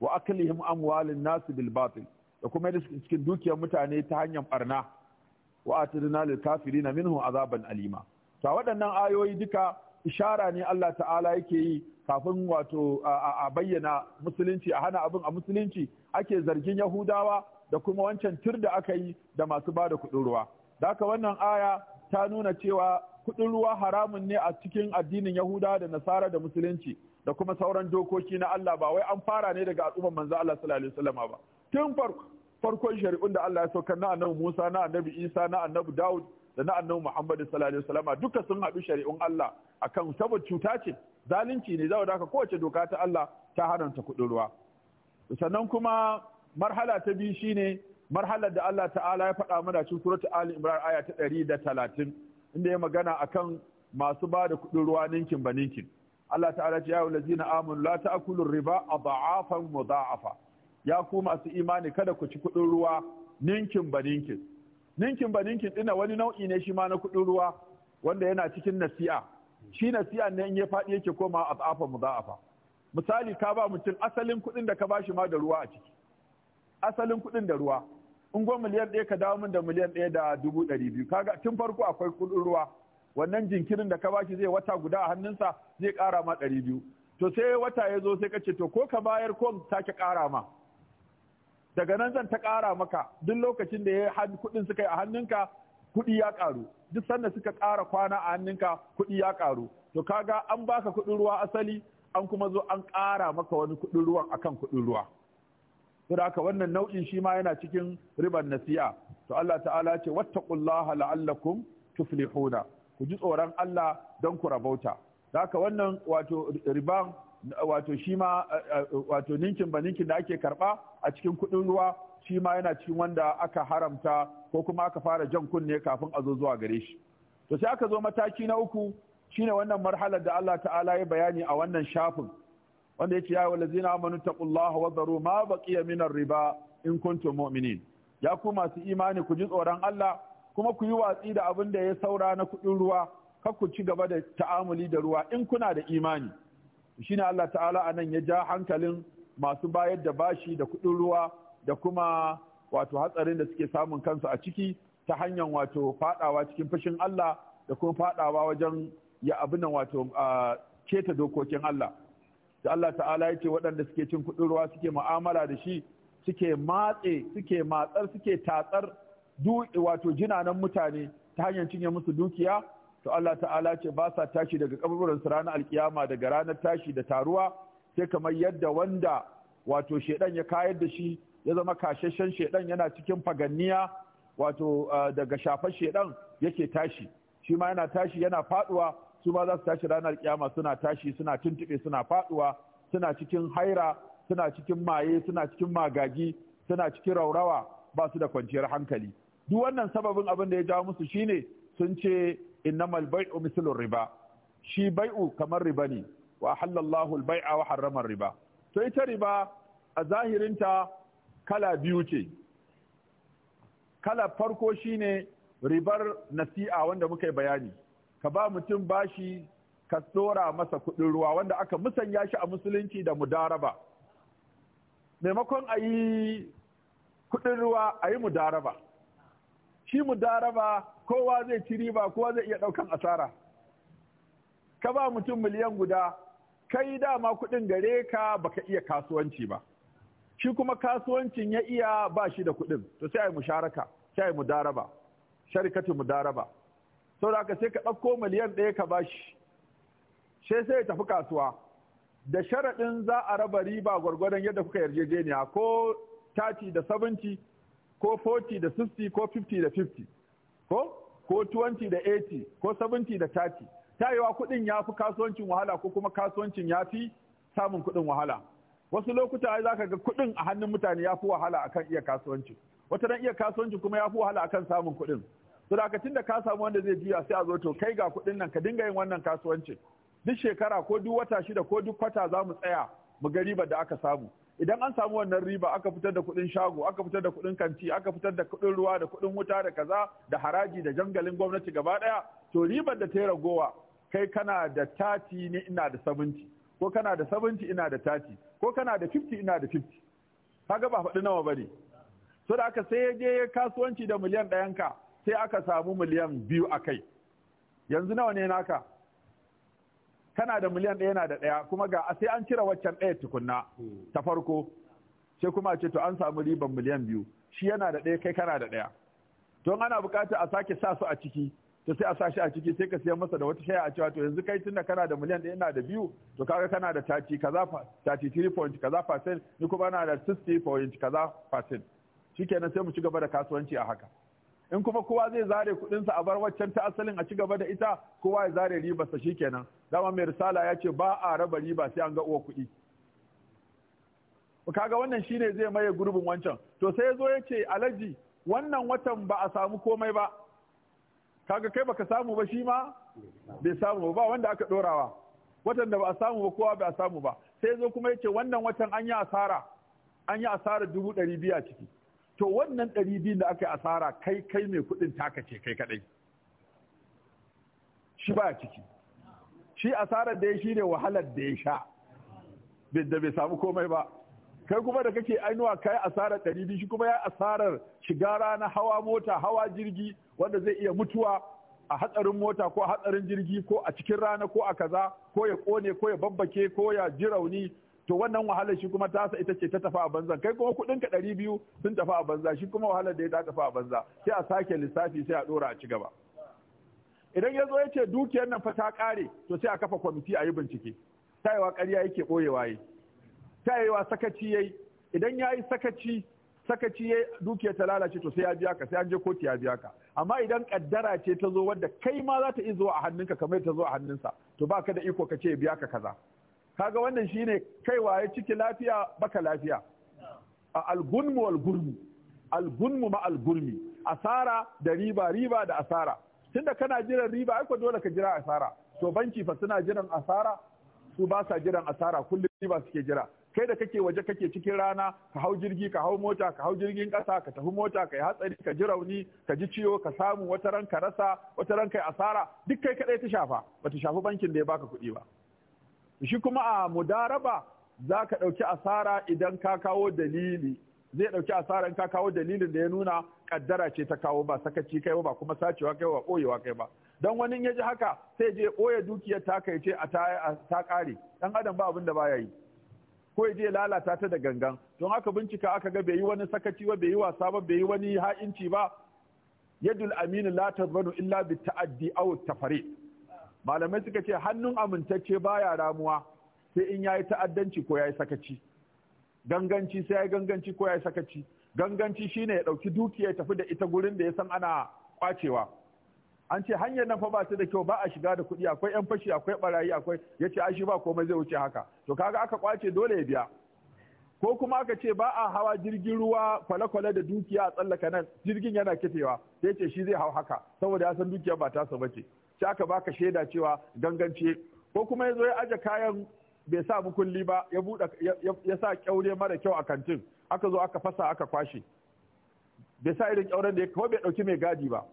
S2: wa aklihim amwalin nasu bil batil da kuma yadda cikin dukiyar mutane ta hanyar barna wa atidna lil kafirin minhu azaban alima to waɗannan ayoyi duka ishara ne Allah ta'ala yake yi kafin wato a bayyana musulunci a hana abin a musulunci ake zargin yahudawa da kuma wancan tur da aka yi da masu ba da kuɗin ruwa da haka wannan aya ta nuna cewa kuɗin ruwa haramun ne a cikin addinin Yahuda da nasara da musulunci da kuma sauran dokoki na Allah ba wai an fara ne daga al'umman manzo Allah sallallahu alaihi wasallam ba tun farko farkon shari'un da Allah ya saukar na annabi Musa na annabi Isa na annabi Dawud da na annabi Muhammad sallallahu alaihi wasallam duka sun haɗu shari'un Allah akan saboda cuta ce zalunci ne zawo haka kowace doka ta Allah ta haranta kuɗin ruwa sannan kuma marhala ta biyu shine marhalar da Allah ta'ala ya faɗa mana cikin suratul Ali Imran aya ta 130 inda ya magana akan masu ba da kuɗin ruwa ninkin ba ninkin Allah ta'ala ce ya yi amanu la ta'kulu riba adha'afan mudha'afa ya ku masu imani kada ku ci kuɗin ruwa ninkin ba ninkin ninkin ba ninkin dina wani nau'i ne shi ma na kuɗin ruwa wanda yana cikin nasi'a shi nasi'a ne in ya faɗi yake koma a muza'afa misali ka ba mutum asalin kuɗin da ka ba shi ma da ruwa a ciki asalin kuɗin da ruwa in go miliyan ɗaya ka dawo min da miliyan ɗaya da dubu ɗari biyu kaga tun farko akwai kuɗin ruwa wannan jinkirin da ka ba shi zai wata guda a hannunsa zai ƙara ma ɗari biyu to sai wata ya zo sai ka ce to ko ka bayar ko sake ƙara ma daga nan zan ta ƙara maka duk lokacin da ya kuɗin suka yi a hannunka kuɗi ya ƙaru duk sanda suka ƙara kwana a hannunka kuɗi ya ƙaru to kaga an baka kuɗin ruwa asali an kuma zo an ƙara maka wani kuɗin ruwan akan kuɗin ruwa saboda haka wannan nau'in shi ma yana cikin riban nasiya to Allah ta'ala ce wattaqullaha la'allakum tuflihuna ku ji tsoron Allah don ku rabauta haka wannan wato riban wato shi ma wato ninkin ba ninkin da ake karba a cikin kuɗin ruwa shi ma yana cikin wanda aka haramta ko kuma aka fara jan kunne kafin a zo zuwa gare shi to sai aka zo mataki na uku shine wannan marhalar da Allah ta'ala ya bayani a wannan shafin wanda yace ya walazina amanu taqullaha wa dharu ma baqiya min riba in kuntum mu'minin ya ku masu imani ku ji tsoron Allah kuma ku yi watsi da abin da ya saura na kuɗin ruwa kar ku ci gaba da ta'amuli da ruwa in kuna da imani shine Allah ta'ala anan ya ja hankalin masu bayar da bashi da kuɗin ruwa da kuma wato hatsarin da suke samun kansu a ciki ta hanyar wato fadawa cikin fashin Allah da kuma faɗawa wajen ya abin nan wato keta dokokin Allah da Allah ta'ala ya ce waɗanda suke cin kuɗin ruwa suke mu'amala da shi suke matse suke matsar suke tatsar wato jinanan mutane ta hanyar cinye musu dukiya to Allah ta'ala ce ba sa tashi daga kaburin su ranar alkiyama daga ranar tashi da taruwa sai kamar yadda wanda wato shedan ya kayar da shi ya zama kashashen shedan yana cikin faganniya wato uh, daga shafar shedan yake tashi shi ma yana tashi yana faduwa su ma za su tashi ranar alkiyama suna tashi suna tuntube suna faduwa suna cikin haira suna cikin maye suna cikin magagi suna cikin raurawa ba su da kwanciyar hankali duk wannan sababin abin da ya jawo musu shine sun ce innamal bai'u mislur riba shi bai'u kamar riba ne wa halallahu al-bai'a wa harrama riba to ita riba a zahirinta kala biyu ce kala farko shine ribar nasi'a wanda muka yi bayani ka ba mutum bashi ka tsora masa kuɗin ruwa wanda aka musanya shi a musulunci da mudaraba maimakon a yi kuɗin ruwa a yi mudaraba shi mudaraba kowa zai ci riba kowa zai iya ɗaukan asara ka ba mutum miliyan guda kai dama kuɗin gare ka baka iya kasuwanci ba shi kuma kasuwancin ya iya ba shi da kuɗin to sai ai musharaka sai ai mudaraba sharikatu mudaraba saboda haka sai ka ɗauko miliyan ɗaya ka ba shi sai sai ya tafi kasuwa da sharaɗin za a raba riba gwargwadon yadda kuka yarjejeniya ko tati da 70 ko 40 da 60 ko 50 da 50 ko ko 20 da 80 ko 70 da 30 tayewa kuɗin ya fi kasuwancin wahala ko kuma kasuwancin ya fi samun kuɗin wahala wasu lokuta ai zaka ga kuɗin a hannun mutane ya fi wahala akan iya kasuwanci wata dan iya kasuwanci kuma ya fi wahala akan samun kuɗin to da ka tunda ka samu wanda zai biya sai a zo to kai ga kuɗin nan ka dinga yin wannan kasuwancin duk shekara ko duk wata shida ko duk kwata za mu tsaya mu ga ribar da aka samu idan an samu wannan riba aka fitar da kuɗin shago aka fitar da kuɗin kanti aka fitar da kuɗin ruwa da kuɗin wuta da kaza da haraji da jangalin gwamnati gaba ɗaya to ribar da ta yi ragowa kai kana da tati ne ina da sabinci ko kana da sabinci ina da tati ko kana da fifti ina da fifti kaga ba faɗi nawa bane so da aka sai ya je kasuwanci da miliyan ɗayanka sai aka samu miliyan biyu a kai yanzu nawa ne naka kana da miliyan ɗaya na da ɗaya kuma ga a sai an cire waccan ɗaya tukunna hmm. ta farko sai kuma ce to an samu riban miliyan biyu shi yana da ɗaya kai kana da ɗaya to ana bukata a sake sa su a ciki to sai a sa shi a ciki sai ka siyan masa da wata shaya a cewa to yanzu kai tunda kana da miliyan ɗaya na da biyu to kaga kana da tati kaza tati three point kaza percent ni kuma na da sixty point kaza percent shikenan sai mu ci gaba da kasuwanci a haka in kuma kowa zai zare kuɗinsa a bar waccan ta asalin a ci gaba da ita kowa ya zare ribarsa kenan dama mai risala ya ce ba a raba riba sai an ga uwa kuɗi kaga wannan shine zai maye gurbin wancan to sai ya zo ya ce alaji wannan watan ba a samu komai ba kaga kai baka samu ba shi ma bai samu ba wanda aka dorawa watan da ba a samu ba kowa bai samu ba sai ya zo kuma ya ce wannan watan an yi asara an yi asara dubu ɗari biyu a ciki to wannan ɗari biyu da aka yi asara kai kai mai kuɗin taka ce kai kaɗai shi ba ciki shi asarar da ya shi ne wahalar da ya sha da bai samu komai ba kai kuma da kake ainuwa kai asarar ɗari biyu shi kuma ya asarar shiga rana hawa mota hawa jirgi wanda zai iya mutuwa a hatsarin mota ko a hatsarin jirgi ko a cikin rana ko a kaza ko ya kone ko ya babbake ko ya ji rauni to wannan wahalar shi kuma tasa ita ce ta tafi a banza kai kuma kudin ka ɗari biyu sun tafi a banza shi kuma wahalar da ya ta tafi a banza sai a sake lissafi sai a ɗora a ci gaba idan ya zo ya ce dukiyar nan fa ta kare, to sai a kafa kwamiti a yi bincike Ta tayewa ƙarya yake ɓoyewa yi yawa sakaci yi idan ya yi sakaci sakaci ya dukiyar ta lalace to sai ya biya ka sai an je kotu ya biya ka amma idan kaddara ce ta zo wadda kai ma za ta iya zuwa a hannunka kamar ta zo a hannunsa to ba ka da iko ka ce ya biya ka kaza kaga wannan shine kaiwa ya ciki lafiya baka lafiya a algunmu algurmi algunmu ma algurmi asara da riba riba da asara tunda kana jiran riba ai dole ka jira asara to banki fa suna jiran asara su ba sa jiran asara kullum riba suke jira kai da kake waje kake cikin rana ka hau jirgi ka hau mota ka hau jirgin kasa ka tafi mota ka hatsari ka ji rauni ka ji ciwo ka samu wata ran ka rasa wata ran kai asara duk kai kadai ta shafa bata shafi bankin da ya baka kuɗi ba shi kuma a mudaraba za ka ɗauki asara idan ka kawo dalili zai ɗauki asara in ka kawo dalilin da ya nuna kaddara ce ta kawo ba sakaci kai ba kuma sacewa kai ba ɓoyewa kai ba Don wani ya ji haka sai je ɓoye dukiyar ta kai ce a ta ƙare Ɗan adam ba abin da baya yi ko ya je lalata ta da gangan don haka bincika aka ga bai yi wani sakaci ba bai yi wasa ba bai yi wani ha'inci ba yadul aminu la tazbanu illa bi ta'addi aw tafarid malamai suka ce hannun amintacce baya ramuwa sai in yayi ta'addanci ko yayi sakaci ganganci sai yayi ganganci ko yayi sakaci ganganci shine ya dauki dukiya ya tafi da ita gurin da ya san ana kwacewa an ce hanyar nan fa ba ta da kyau ba a shiga da kuɗi akwai yan fashi akwai barayi akwai yace a shi ba komai zai wuce haka to kaga aka kwace dole ya biya ko kuma aka ce ba a hawa jirgin ruwa kwale-kwale da dukiya a tsallaka nan jirgin yana kitewa sai ce shi zai hau haka saboda ya san dukiya ba ta ba bace sai aka baka shaida cewa gangance ko kuma ya zo ya aje kayan bai sa mukulli ba ya buɗe ya sa kyaure mara kyau a kantin aka zo aka fasa aka kwashe bai sa irin kyauren da ya kawai bai dauki mai gadi ba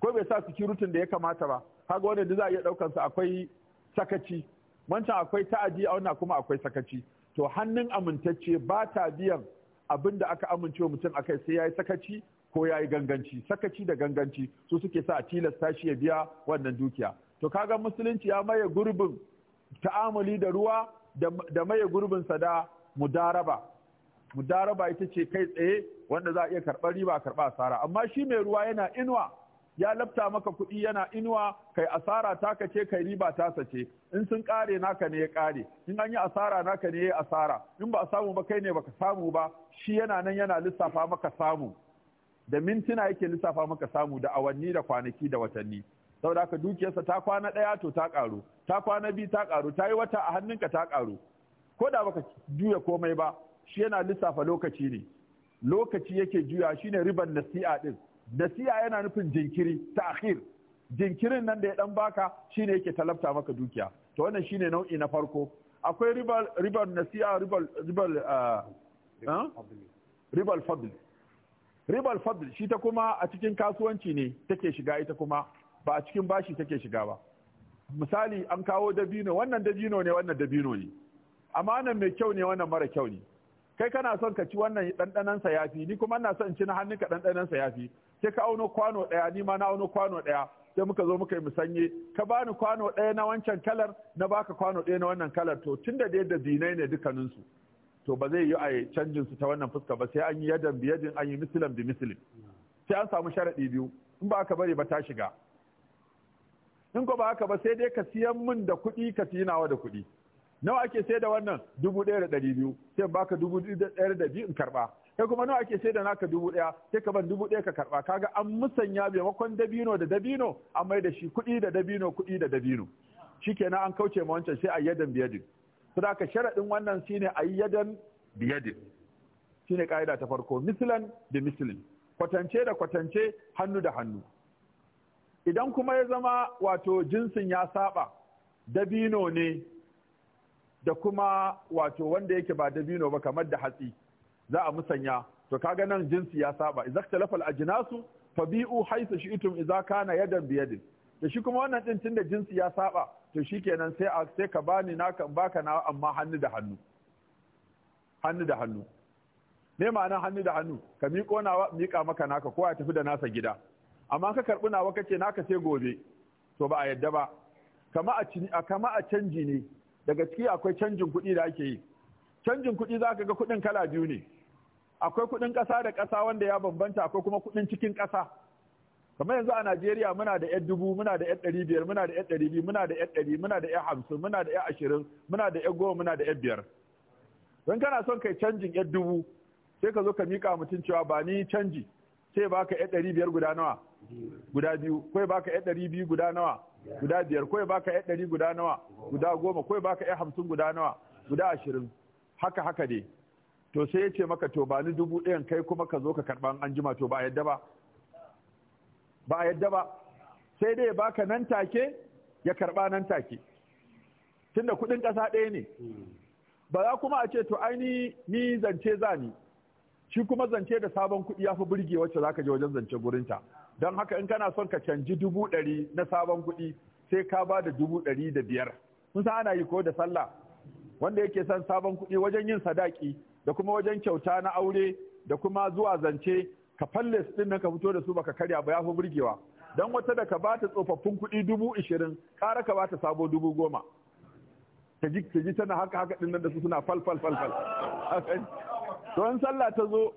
S2: ko bai sa security da ya kamata ba haka wanda da za a iya daukan sa akwai sakaci wancan akwai ta'adi a wannan kuma akwai sakaci to hannun amintacce ba ta biyan abin da aka amince mutum akai sai yayi sakaci ko ya yi ganganci sakaci da ganganci su suke sa a tilasta shi ya biya wannan dukiya to kaga musulunci ya maye gurbin ta'amuli da ruwa da maye gurbin sa da mudaraba mudaraba ita ce kai tsaye wanda za a iya karɓar riba karɓa asara amma shi mai ruwa yana inuwa ya lafta maka kuɗi yana inuwa kai asara taka ce kai riba tasa ce in sun ƙare naka ne ya kare. in an yi asara naka ne ya asara in ba a samu ba kai ne baka samu ba shi yana nan yana lissafa maka samu da mintuna yake lissafa maka samu da awanni da kwanaki da watanni saboda haka dukiyarsa ta kwana ɗaya to ta ƙaru ta kwana biyu ta ƙaru ta yi wata a hannunka ta ƙaru ko da baka juya komai ba shi yana lissafa lokaci ne lokaci yake juya shine riban nasi'a din nasi'a yana nufin jinkiri ta'khir jinkirin nan da ya dan baka shine yake talabta maka dukiya to wannan shine nau'i na farko akwai ribar nasi'a ribar ribar ah, ribal ah? fadl ribar fadl shi ta kuma a cikin kasuwanci ne take shiga ita kuma ba a cikin bashi take shiga ba misali an kawo dabino wannan dabino ne wannan dabino ne amma mai kyau ne wannan mara kyau ne kai kana son ka ci wannan ɗanɗanan sa yafi ni kuma ina son ci na hannunka ɗanɗanan sa yafi sai ka auno kwano ɗaya ni ma na auno kwano ɗaya sai muka zo muka yi musanye ka bani kwano ɗaya na wancan kalar na baka kwano ɗaya na wannan kalar to tunda da yadda zinai ne dukkaninsu to ba zai yi a canjin su ta wannan fuska ba sai an yi yadan bi yadin an yi musulun bi musulun. sai an samu sharadi biyu in ba aka bari ba ta shiga in ko ba haka ba sai dai ka siyan min da kuɗi ka nawa da kuɗi nawa ake sai da wannan dubu ɗaya da ɗari biyu sai baka dubu ɗaya da biyu in karɓa kai kuma nawa ake sai da naka dubu ɗaya sai ka ban dubu ɗaya ka karɓa kaga an musanya maimakon dabino da dabino an mai da shi kuɗi da dabino kuɗi da dabino shikenan an kauce ma wancan sai a yadan biyadin saboda sharaɗin wannan shine ayyadan biyadin shine ƙa'ida ta farko mislan da misilin kwatance da kwatance hannu da hannu idan kuma ya zama wato jinsin ya saba dabino ne da kuma wato wanda yake ba dabino ba kamar da hatsi za a musanya to kaga nan jinsi ya saba idza talafal ajnasu fabi'u haythu shi'tum idza kana yadan biyadin da shi kuma wannan din tunda jinsi ya saba to shi sai sai ka bani naka baka na amma hannu da hannu hannu da hannu me ma'ana hannu da hannu ka miƙo nawa miƙa maka naka ko ya tafi da nasa gida amma ka karɓi nawa kace naka sai gobe to ba a yadda ba kama a kama a canji ne daga ciki akwai canjin kuɗi da ake yi canjin kuɗi za ka ga kuɗin kala biyu ne akwai kuɗin ƙasa da ƙasa wanda ya bambanta akwai kuma kuɗin cikin ƙasa kamar yanzu a Najeriya muna da 1000 muna da 1500 muna da 1200 muna da muna da muna da 'yan muna da 'yan muna da 'yan don kana son kai canjin 1000 sai ka zo ka mika mutun cewa ba ni canji sai baka 1500 guda nawa guda biyu ko ya baka 1200 guda nawa guda biyar ko baka guda nawa guda goma ko baka 'yan guda nawa guda ashirin haka haka dai to sai ya ce maka to ba ni dubu ɗayan kai kuma ka zo ka karɓa an jima to ba yadda ba ba a yadda ba sai dai ya baka nan take ya karba nan take tunda kudin kasa ɗaya ne ba za kuma a ce to aini ni zance za ni shi kuma zance da sabon kuɗi ya fi burge wacce za ka je wajen zance gurinta don haka in kana son ka canji dubu ɗari na sabon kuɗi sai ka ba da dubu ɗari da biyar kun sa ana yi ko da sallah wanda yake son sabon kuɗi wajen yin sadaki da kuma wajen kyauta na aure da kuma zuwa zance ka falle su din ka fito da su baka karya ba ya fi burgewa Don wata da ka bata tsofaffin kuɗi dubu ishirin ƙara ka bata sabo dubu goma ta ji ta ji tana haka haka ɗin nan da su suna fal fal fal fal to sallah ta zo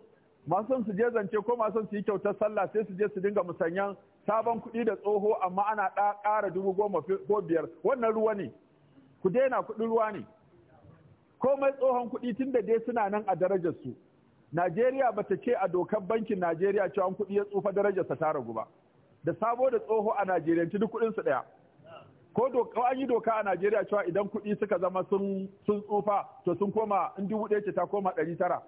S2: masu son su je zance ko masu son su yi kyautar sallah sai su je su dinga musanyan sabon kuɗi da tsoho amma ana ɗa ƙara dubu goma ko biyar wannan ruwa ne ku daina kuɗin ruwa ne komai tsohon kuɗi tun da dai suna nan a darajar su Najeriya ba ta ce a dokar bankin Najeriya cewa kuɗi ya tsufa darajarsa ta ragu ba. Da sabo da tsoho a ci duk kuɗinsu ɗaya. Ko an yi doka a Najeriya cewa idan kuɗi suka zama sun tsufa to sun koma in dubu ɗaya ce ta koma ɗari tara.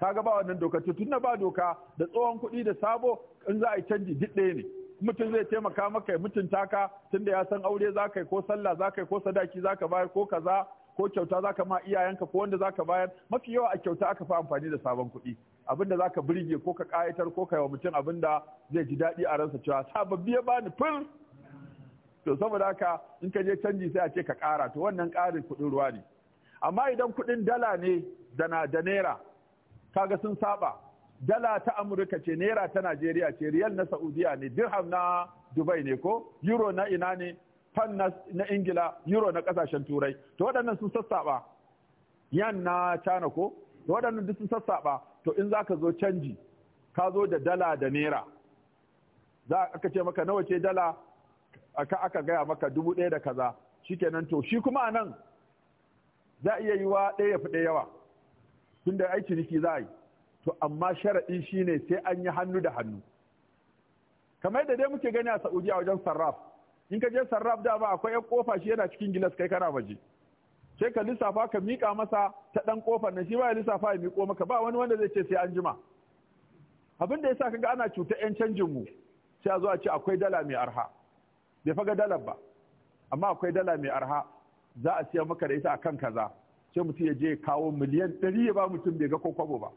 S2: ka ga ba wannan doka to tunda ba doka da tsohon kuɗi da sabo in za a yi canji duk ɗaya ne. Mutum zai taimaka maka ya mutunta ka tunda ya san aure za ka yi ko sallah za ka yi ko sadaki za ka bayar ko kaza ko kyauta za ka ma iyayenka ko wanda za ka bayar mafi yawa a kyauta aka fi amfani da sabon kuɗi abinda ka birge ko ka ƙayatar ko ka yi wa mutum abinda zai ji daɗi a ransa cewa sababbi ya bani fir? to saboda haka in ka je canji sai a ce ka ƙara to wannan ƙarin kuɗin ruwa ne amma idan kuɗin dala ne da na da naira kaga sun saba dala ta amurka ce naira ta najeriya ce riyal na saudiya ne dirham na dubai ne ko euro na ina ne fan na ingila euro na kasashen turai to waɗannan sun sassaɓa yan na china ko to waɗannan duk sun sassaɓa to in zaka zo canji ka zo da dala da naira za aka ce maka nawa ce dala aka aka gaya maka dubu ɗaya da kaza shikenan to shi kuma nan. za iya yi wa ɗaya fi ɗaya yawa tunda aiki ciniki za a yi to amma sharaɗi shine sai an yi hannu da hannu kamar da dai muke gani a Saudiya wajen sarraf in ka je sarraf da ba akwai yan kofa shi yana cikin gilas kai kana waje sai ka lissafa ka mika masa ta ɗan kofar na, shi ba ya lissafa ya miƙo maka ba wani wanda zai ce sai an jima abin da yasa ga ana cuta yan canjin mu sai a zo a ce akwai dala mai arha bai faga dalar ba amma akwai dala mai arha za a siya maka da ita akan kaza sai mutum ya je kawo miliyan ɗari ya ba mutum bai ga ko kwabo ba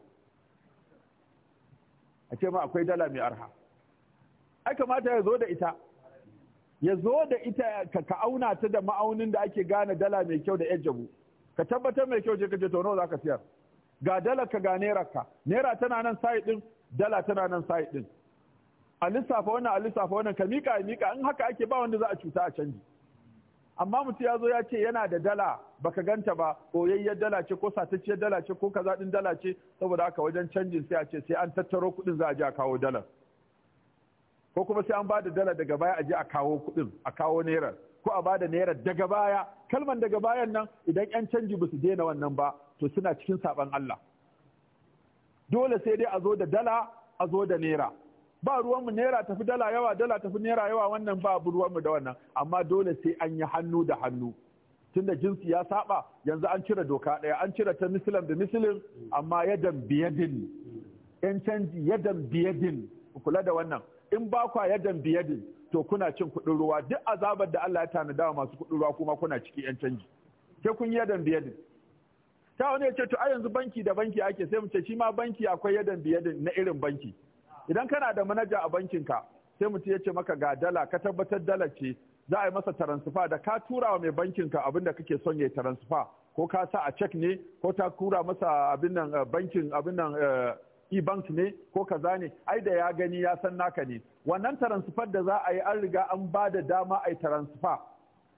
S2: a ce ma akwai dala mai arha ai kamata ya zo da ita ya zo da ita ka auna ta da ma'aunin da ake gane dala mai kyau da yar ka tabbatar mai kyau je ka je to nawa zaka siyar ga dala ka ga naira ka naira tana nan sai din dala tana nan sai din a lissafa wannan a lissafa wannan ka mika mika in haka ake ba wanda za a cuta a canji amma mutum ya zo ya ce yana da dala baka ganta ba koyayyar dala ce ko satacciyar dala ce ko kaza din dala ce saboda haka wajen canjin sai a ce sai an tattaro kuɗin za a je a kawo dalar ko kuma sai an bada dala daga baya a je a kawo kuɗin a kawo naira ko a bada naira daga baya kalman daga bayan nan idan yan canji ba su daina wannan ba to suna cikin saban Allah dole sai dai a zo da dala a zo da naira ba ruwanmu naira tafi dala yawa dala tafi naira yawa wannan ba ruwanmu da wannan amma dole sai an yi hannu da hannu tunda jinsi ya saba yanzu an cire doka ɗaya an cire ta misilin da misilin amma yadan biyadin yan canji yadan biyadin kula da wannan in ba kwa yadan biyadin to kuna cin kuɗin ruwa duk azabar da Allah ya tanada wa masu kuɗin ruwa kuma kuna ciki yan canji ke kun yadan biyadin ta wani ya ce to a yanzu banki da banki ake sai mu ce shi ma banki akwai yadan biyadin na irin banki idan kana da manaja a bankinka sai mutum ya ce maka ga dala ka tabbatar dala ce za a yi masa taransifa da ka tura wa mai bankinka abin da kake son ya taransifa ko ka sa a cek ne ko ta kura masa abin nan eh, bankin abin nan eh, e-bank ne ko kaza ne ai da ya gani ya san naka ne wannan transfer da za a yi an riga an ba da dama a taransifa, transfer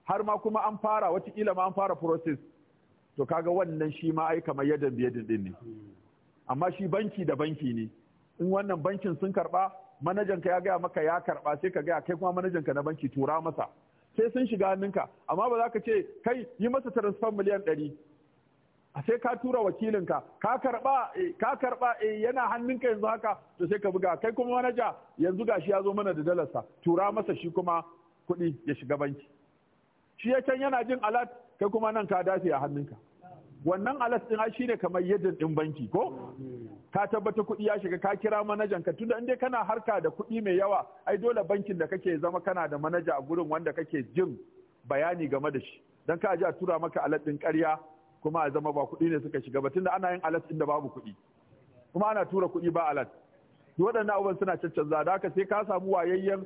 S2: har ma kuma an fara watakila ma an fara process to kaga wannan shi ma ai kamar yadda biye din ne amma shi banki da banki ne in wannan bankin sun karba manajan ka ya gaya maka ya karba sai ka gaya kai kuma manajan ka na banki tura masa sai sun shiga hannunka amma ba za ka ce kai yi masa transfer miliyan ɗari a sai ka tura wakilinka ka karba eh, ka karba eh, yana hannunka yanzu haka to sai ka buga kai kuma manaja yanzu gashi ya zo mana da dalarsa tura masa shi kuma kuɗi ya shiga banki shi ya can yana jin alat kai kuma nan ka dace a hannunka wannan alat din ai shine kamar yadda din banki ko ka tabbata kuɗi ya shiga ka kira manajan ka tunda indai kana harka da kuɗi mai yawa ai dole bankin da kake zama kana da manaja a gurin wanda kake jin bayani game da shi dan ka ji a tura maka alat din ƙarya kuma a zama ba kuɗi ne suka shiga ba tunda ana yin alat inda babu kuɗi kuma ana tura kuɗi ba alat duk waɗannan abubuwan suna caccanza da haka sai ka samu wayayyen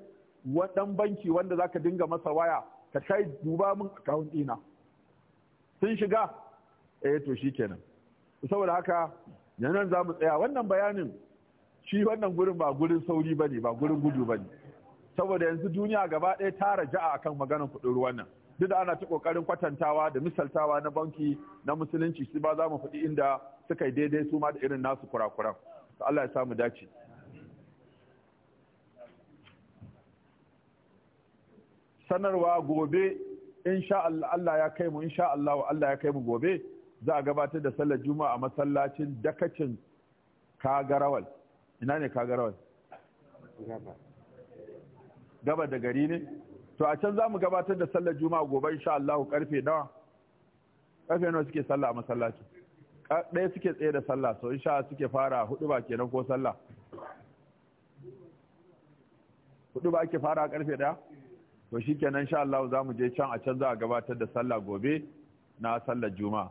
S2: waɗan banki wanda za ka dinga masa waya ka kai duba min akawun ɗina sun shiga eh to kenan. saboda haka nan za mu tsaya wannan bayanin shi wannan gurin ba gurin sauri ba ne, ba gurin gudu ba ne. saboda yanzu duniya gaba ɗaya ta raja'a akan maganar kuɗin ruwan nan duk da ana ta kokarin kwatantawa da misaltawa na banki na musulunci su ba za mu faɗi inda suka yi daidai su ma da irin nasu kurakuran Allah ya samu dace sanarwa gobe insha Allah ya kai mu insha Allah Allah ya kai mu gobe za a gabatar da sallar juma'a a masallacin dakacin kagarawal ina ne kagarawal gaba da gari ne to a can za mu gabatar da sallar juma'a gobe insha Allah karfe nawa karfe nawa suke sallah a masallaci ɗaya suke tsaye da sallah so insha Allah suke fara hudu ba kenan ko sallah hudu ba ake fara karfe daya to shikenan insha Allah za mu je can a can za a gabatar da sallah gobe na sallar juma'a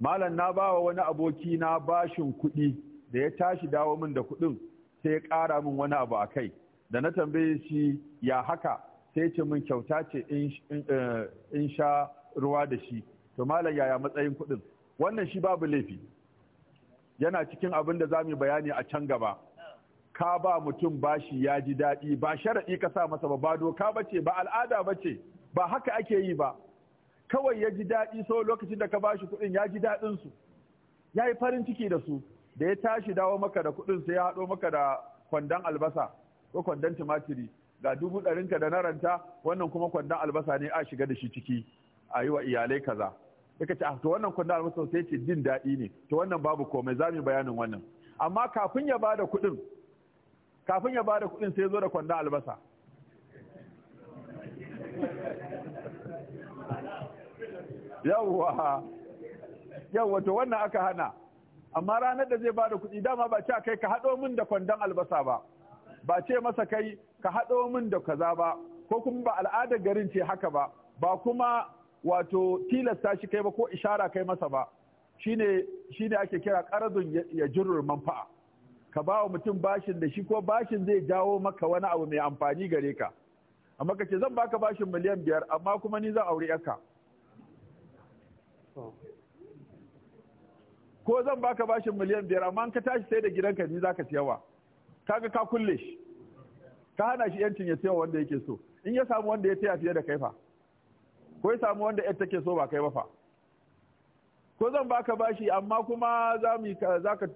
S2: malam na bawa wani aboki na bashin kuɗi da ya tashi dawo min da kuɗin sai ya ƙara min wani abu a kai da na tambaye shi ya haka sai ce min kyauta ce eh, in sha ruwa da shi to malam yaya matsayin kuɗin wannan shi babu laifi yana cikin abin da za mu bayani a can gaba ka ba mutum bashi ya ji daɗi ba sharaɗi ka sa masa ba ba doka ba ce ba al'ada ba ce ba haka ake yi ba kawai ya ji daɗi so lokacin da ka ba shi kuɗin ya ji daɗin su ya yi farin ciki da su da ya tashi dawo maka da kuɗin sai ya haɗo maka da kwandon albasa ko kwandon tumatiri ga dubu ɗarinka da na ranta wannan kuma kwandon albasa ne a shiga da shi ciki a yi wa iyalai kaza sai ka ce ah, to wannan kwandon albasa sai ce jin daɗi ne to wannan babu komai za mu bayanin wannan amma kafin ya bada kuɗin kafin ya bada kuɗin sai zo da kwandon albasa yawwa yawwa to wannan aka hana amma ranar da zai bada kuɗi dama ba ce kai ka haɗo min da kwandon albasa ba ba ce masa kai ka haɗo min da kaza ba ko kuma ba al'adar garin ce haka ba ba kuma wato tilasta shi kai ba ko ishara kai masa ba shine shine ake kira qaradun ya jirur manfa'a ka ba wa mutum bashin da shi ko bashin zai jawo maka wani abu mai amfani gare ka amma ka ce zan baka bashin miliyan biyar amma kuma ni zan aure yarka ko zan baka bashin miliyan biyar amma ka tashi sai da gidanka ni zaka siyawa kaga ka kulle shi ka hana shi yancin ya taya wanda yake so in ya samu wanda ya taya fiye da kai fa ko ya samu wanda yar take so ba kai ba fa ko zan baka bashi amma kuma za mu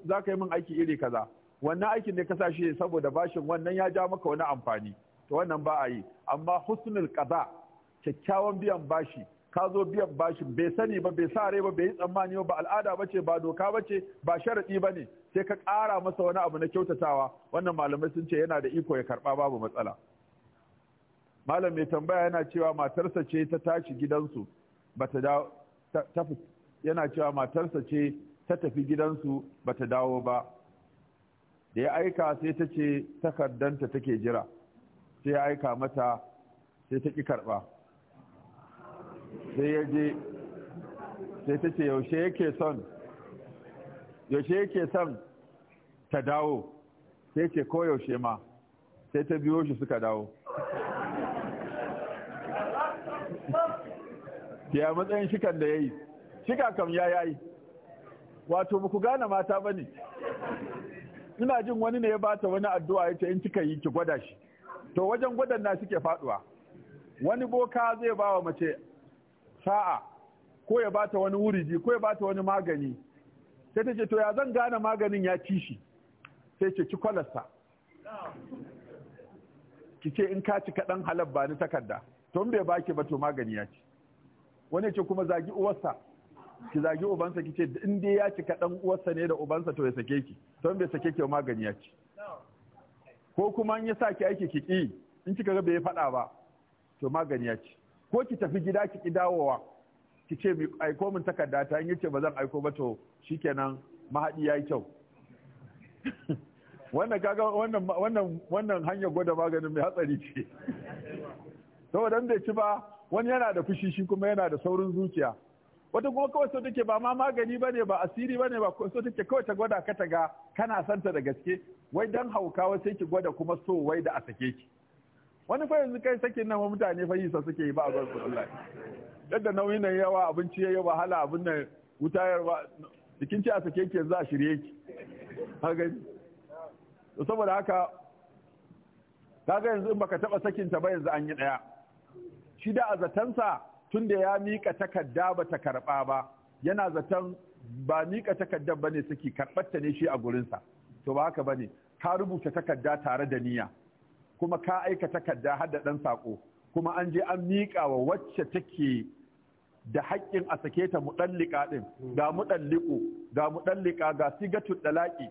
S2: za ka yi min aiki iri kaza wannan aikin ne ka sa shi saboda bashin wannan ya ja maka wani amfani to wannan ba a yi amma husnul qada kyakkyawan biyan bashi ka zo biyan bashin bai sani ba bai sa rai ba bai yi tsammani ba al'ada ba ce ba doka bace ba sharaɗi ba ne sai ka ƙara masa wani abu na kyautatawa wannan malamai sun ce yana da iko ya karɓa babu matsala malam mai tambaya yana cewa matarsa ce ta tashi gidansu bata dawo yana cewa matarsa ce ta tafi gidansu bata dawo ba da ya aika sai ta ce takardanta take jira sai ya aika mata sai ta ƙi karɓa sai ya je sai ta ce yaushe yake son yaushe yake son ta dawo sai ce koyaushe ma sai ta biyo shi suka dawo ya matsayin shikan da ya yi shika kam ya yayi wato ba ku gane mata ba ne ina jin wani ne ya bata wani addu'a ya ce in cika yi ki gwada shi to wajen gwadan na suke faduwa wani boka zai ba wa mace sa'a ko ya bata wani wuriji ko ya bata wani magani sai ta ce to ya zan gane maganin ya ci shi sai ce ci kwalarsa ki ce in ka ci kaɗan halar ba ni takarda to bai baki ba to magani ya ci wani ce kuma zagi uwarsa ki zagi ubansa ki ce in dai ya ci kaɗan uwarsa ne da ubansa to ya sake ki to bai sake ki magani ya ci ko kuma in ya sa ki aiki ki ƙi in kika ga bai faɗa ba to magani ya ci ko ki tafi gida ki ƙi dawowa ki ce aiko min takarda ta in ce ba zan aiko ba to shikenan mahaɗi ya yi kyau wannan kaga wannan wannan wannan hanyar gwada maganin mai hatsari ce saboda bai ci ba wani yana da fushi shi kuma yana da saurin zuciya wata kuma kawai so take ba ma magani bane ba asiri bane ba so take kawai ta gwada ka ta ga kana santa da gaske wai dan hauka wai sai ki gwada kuma so wai da a sake ki wani fa yanzu kai sakin nan mutane fa yi sa suke yi ba a gwada wallahi yadda nauyin nan yawa abinci yayi wahala abin nan wutayar ba kin ci a sake ki yanzu a shirye ki saboda haka kaga yanzu in baka taba sakinta ba yanzu an yi daya shi da a zatansa tunda ya mika takarda ba ta karba ba yana zaton ba mika takarda ba saki karbar ta ne shi a gurinsa to ba haka bane ka rubuta takarda tare da niyya kuma ka aika takarda har da dan sako kuma an je an mika wa wacce take da haƙƙin a sake ta muɗallika ɗin ga muɗalliku ga muɗallika ga sigatu ɗalaƙi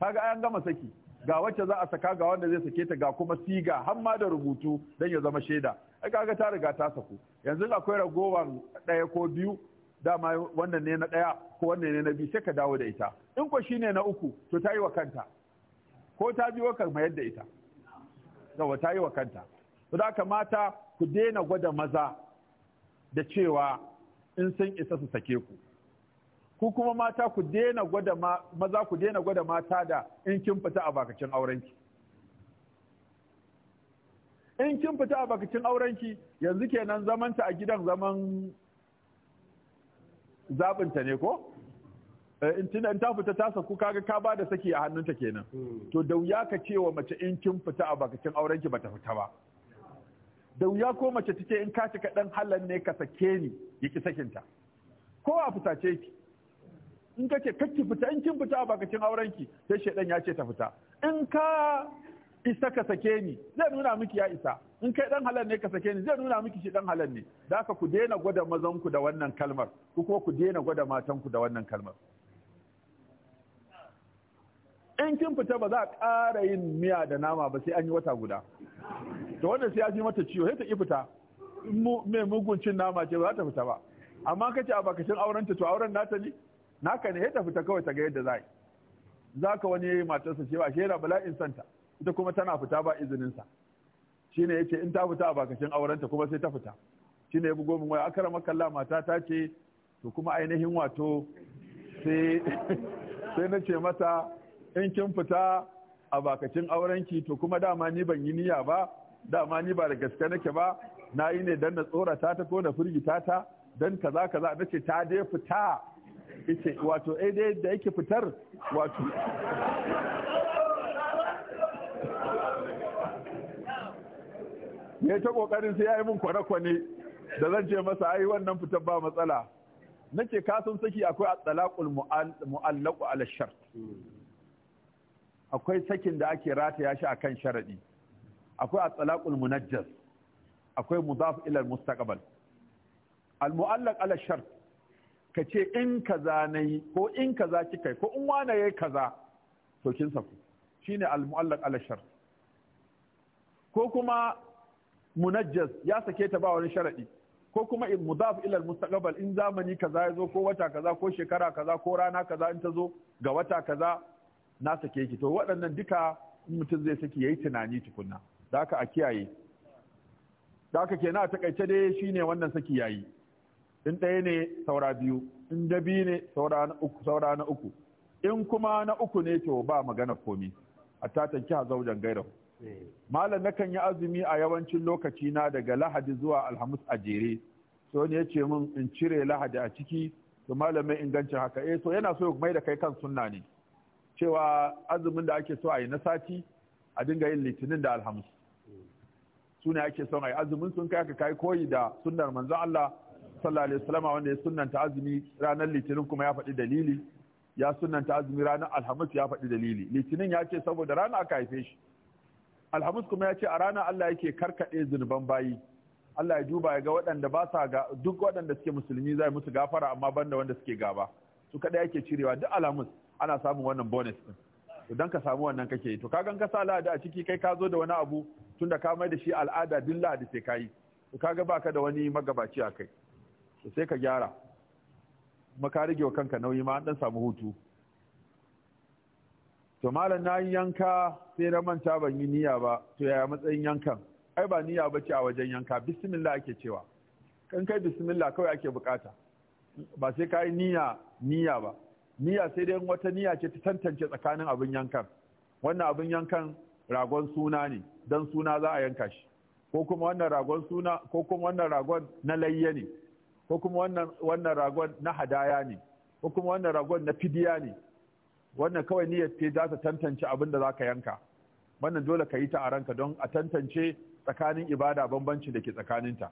S2: kaga an gama saki ga wacce za a saka ga wanda zai sake ta ga kuma siga har ma da rubutu don ya zama shaida ai kaga ta riga ta saku yanzu akwai ragowar ɗaya ko biyu dama wannan ne na ɗaya ko wannan ne na biyu sai ka dawo da ita in ko shine na uku to ta yi wa kanta ko ta biyo ka mayar da ita ga ta yi wa kanta to da mata ku daina gwada maza da cewa in sun isa su sake ku ku kuma mata ku daina gwada maza ku daina gwada mata da in kin fita a bakacin aurenki in kin fita a bakacin aurenki yanzu kenan zamanta a gidan zaman zabinta ne ko eh, in ta fita ta saku kaga ka ba da saki a hannunta kenan hmm. to da wuya ka ce wa mace in kin fita a bakacin aurenki bata fita ba da wuya ko mace take in ka cika dan halan ne ka sake ni sakin ta? ko a fitace ki in ka ce kakki fita in kin fita a bakacin auren ki sai shedan ya ce ta fita in ka isa ka sake ni zai nuna miki ya isa in kai dan halan ne ka sake ni zai nuna miki shi dan halan ne da ka ku daina gwada mazan ku da wannan kalmar ku ko ku daina gwada matan ku da wannan kalmar in kin fita ba za a ƙara yin miya da nama ba sai an yi wata guda da wannan sai ya ji mata ciwo sai ta fita mai muguncin nama ce ba za ta fita ba amma ka ce a bakacin auren ta to auren nata ne naka ne sai ta fita kawai ta ga yadda za zaka wani yayi matarsa cewa shi yana bala'in santa ita kuma tana fita ba izinin sa shine yace in ta fita a bakacin auren ta kuma sai ta fita shine ya bugo min waya akrama kallah mata ta ce to kuma ainihin wato sai sai na ce mata in kin fita a bakacin aurenki to kuma dama ni ban yi niyya ba dama ni ba da gaske nake ba na yi ne dan na tsorata ta ko na firgita ta dan kaza kaza na ce ta dai fita ita wato eh dai da yake fitar wato ya ta kokarin sai ya yi min kwane-kwane da zan ce masa ai wannan fitar ba matsala nake kasan saki akwai at-talaqul mu'allaqu ala shart akwai sakin da ake rataya shi akan sharadi akwai a tsalaƙul munajjar akwai muzaf ila mustaqbal al-mu'allaq ala shart kace in kaza nayi ko in kaza kika ko in wane yayi kaza to kin saku shine al-mu'allaq ala shart ko kuma munajjas ya sake ta ba wani sharadi ko kuma in mudaf ila mustaqbal in zamani kaza ya zo ko wata kaza ko shekara kaza ko rana kaza in ta zo ga wata kaza na sake ki to waɗannan duka mutum zai saki yayi tunani tukunna da aka a kiyaye da aka a takaice dai shine wannan saki yayi in ɗaya ne saura biyu in da biyu ne saura na uku in kuma na uku ne to ba magana komi a tatan kiha zaujan gairau malam kan yi azumi a yawancin lokaci na daga lahadi zuwa alhamis a jere so ne ce min in cire lahadi a ciki to malamai ingancin haka e eh, so yana so ya mai da kai kan sunna ne cewa azumin da ake so a yi na sati a dinga yin litinin da alhamis sune ake son ai azumin sun kai ka kai koyi da sunnar manzo Allah sallallahu alaihi wasallam wanda ya sunnanta azumi ranar litinin kuma ya faɗi dalili ya sunnanta azumi ranar alhamis ya faɗi dalili litinin ya ce saboda rana aka haife shi alhamis kuma ya ce a ranar Allah yake karkade zunuban bayi Allah ya duba ya ga waɗanda ba sa ga duk waɗanda suke musulmi zai musu gafara amma banda wanda suke gaba su kada yake cirewa duk alhamis ana samun wannan bonus din to dan ka samu wannan kake to kagan ka sa da a ciki kai ka zo da wani abu tunda ka mai da shi al'ada din lahadi sai kayi to kaga baka da wani magabaci a kai to sai ka gyara kuma ka rige wa kanka nauyi ma an dan samu hutu to malam na yi yanka sai na manta ban yi niyya ba to yaya matsayin yankan ai ba niyya ba ce a wajen yanka bismillah ake cewa kan kai bismillah kawai ake bukata ba sai ka yi niyya niyya ba niyya sai dai wata niyya ce ta tantance tsakanin abin yankan wannan abin yankan ragon suna ne don suna za a yanka shi ko kuma wannan ragon na layya ne ko kuma wannan ragon na hadaya ne ko kuma wannan ragon na fidiya ne wannan kawai niyyar ce za ta tantance abin da za ka yanka wannan dole ka yi ta a ranka don a tantance tsakanin ibada bambanci da ke tsakaninta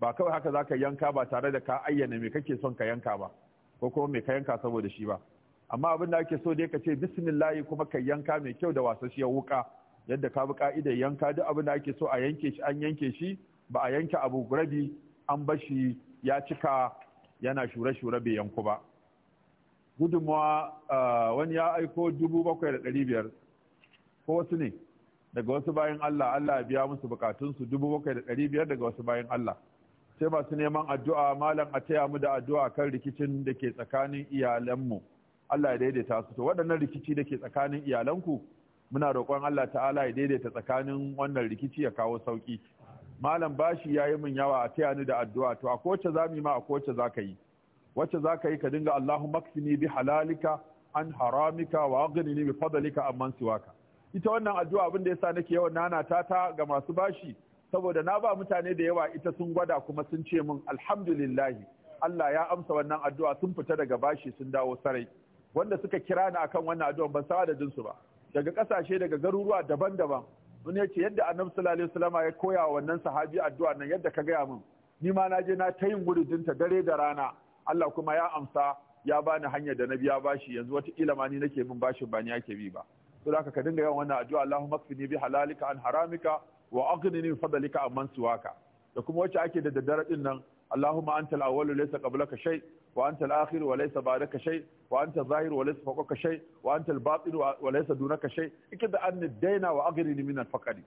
S2: ba kawai haka za ka yanka ba tare da ka ayyana me kake son ka yanka ba ko kuma me ka yanka saboda shi ba amma abin da ake so dai ka ce bismillahi kuma ka yanka mai kyau da wasasshiyar wuka yadda ka bi ka'ida yanka duk abin da ake so a yanke shi an yanke shi ba a yanke abu rabi an shi ya cika yana shure-shure bai yanku ba gudunmawa ah, wani ya aiko dubu bakwai da ɗari biyar ko wasu ne daga wasu bayan Allah Allah ya biya musu bukatunsu dubu bakwai da ɗari biyar daga wasu bayan Allah sai masu neman addu'a malam a taya mu da addu'a kan rikicin da ke tsakanin iyalanmu Allah ya daidaita su to waɗannan rikici da ke tsakanin iyalanku muna roƙon Allah ta'ala ya daidaita tsakanin wannan rikici ya kawo sauƙi malam bashi ya yi min yawa a taya ni da addu'a to a kowace za mu yi ma a kowace za ka yi wacce za ka yi ka dinga Allahu maksini bi halalika an haramika wa aghnini bi fadlika amman siwaka ita wannan addu'a abin da yasa nake yawan nana ta ta ga masu bashi saboda na ba mutane da yawa ita sun gwada kuma sun ce min alhamdulillahi Allah ya amsa wannan addu'a sun fita daga bashi sun dawo sarai wanda suka kira ni akan wannan addu'a ban da jin su ba daga kasashe daga garuruwa daban-daban sun yace yadda annabi sallallahu alaihi wasallam ya koya wa wannan sahabi addu'a nan yadda ka gaya min ni ma na je na ta yin wuridin ta dare da rana Allah kuma ya amsa ya bani hanyar da na biya bashi yanzu wata kila ma ni nake min bashin ba ni yake bi ba to haka ka dinga yawan wannan addu'a Allahumma kfini bi halalika an haramika wa aghnini bi fadlika amman siwaka da kuma wacce ake da daddare din nan Allahumma antal awwalu laysa qablaka shay wa anta al-akhir wa laysa ba'daka shay wa anta zahir wa laysa fawqaka shay wa anta al-batin wa laysa an daina wa aghrini min al-faqri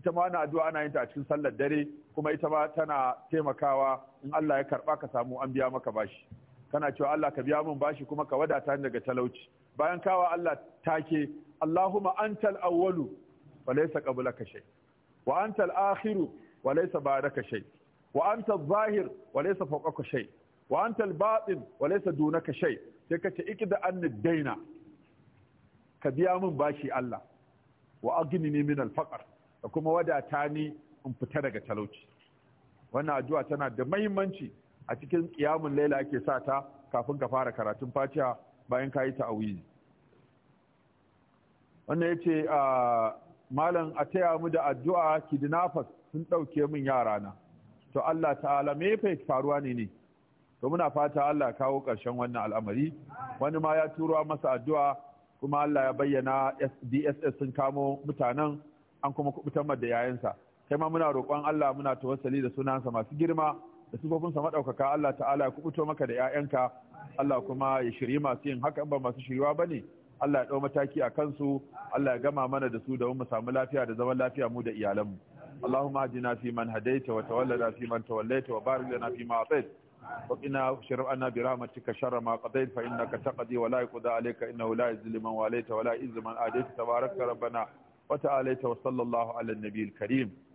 S2: ita ma ana addu'a ana yin ta a cikin sallar dare kuma ita ma tana taimakawa in Allah ya karba ka samu an biya maka bashi kana cewa Allah ka biya min bashi kuma ka wadata ni daga talauci bayan kawa Allah take Allahumma antal awwalu wa laysa qablaka shay wa antal akhiru wa laysa ba'daka shay wa antal zahir wa laysa fawqaka shay wa anta al-batin wa laysa dunaka shay sai ka ce ikida an daina ka biya min bashi Allah wa aghnini min al-faqr da kuma wadata ni in fita daga talauci wannan addu'a tana da muhimmanci a cikin qiyamul laila ake sa ta kafin ka fara karatun Fatiha bayan ka yi ta'awizi wannan yace a ah, malam a taya mu da addu'a kidnappers sun dauke min yarana to Allah ta'ala me fa faruwa ne ne to muna fata Allah ya kawo ƙarshen wannan al'amari wani ma ya turo masa addu'a kuma Allah ya bayyana DSS sun kamo mutanen an kuma kubutar da yayansa kai ma muna roƙon Allah muna tawassali da sunansa masu girma da sifofinsa maɗaukaka Allah ta'ala ya kubuto maka da 'ya'yanka Allah kuma ya shirye masu yin haka ba masu shiriwa ba ne Allah ya dau mataki a kansu Allah ya gama mana da su da mu samu lafiya da zaman lafiya mu da iyalanmu Allahumma ajina fi man hadaita wa tawallana fi man tawallaita wa barik lana fi ma وقنا شر عنا برحمتك شر ما قضيت فإنك تقضي ولا يقضى عليك إنه لا يذل من واليت ولا يذل من آديت تبارك ربنا وتعاليت وصلى الله على النبي الكريم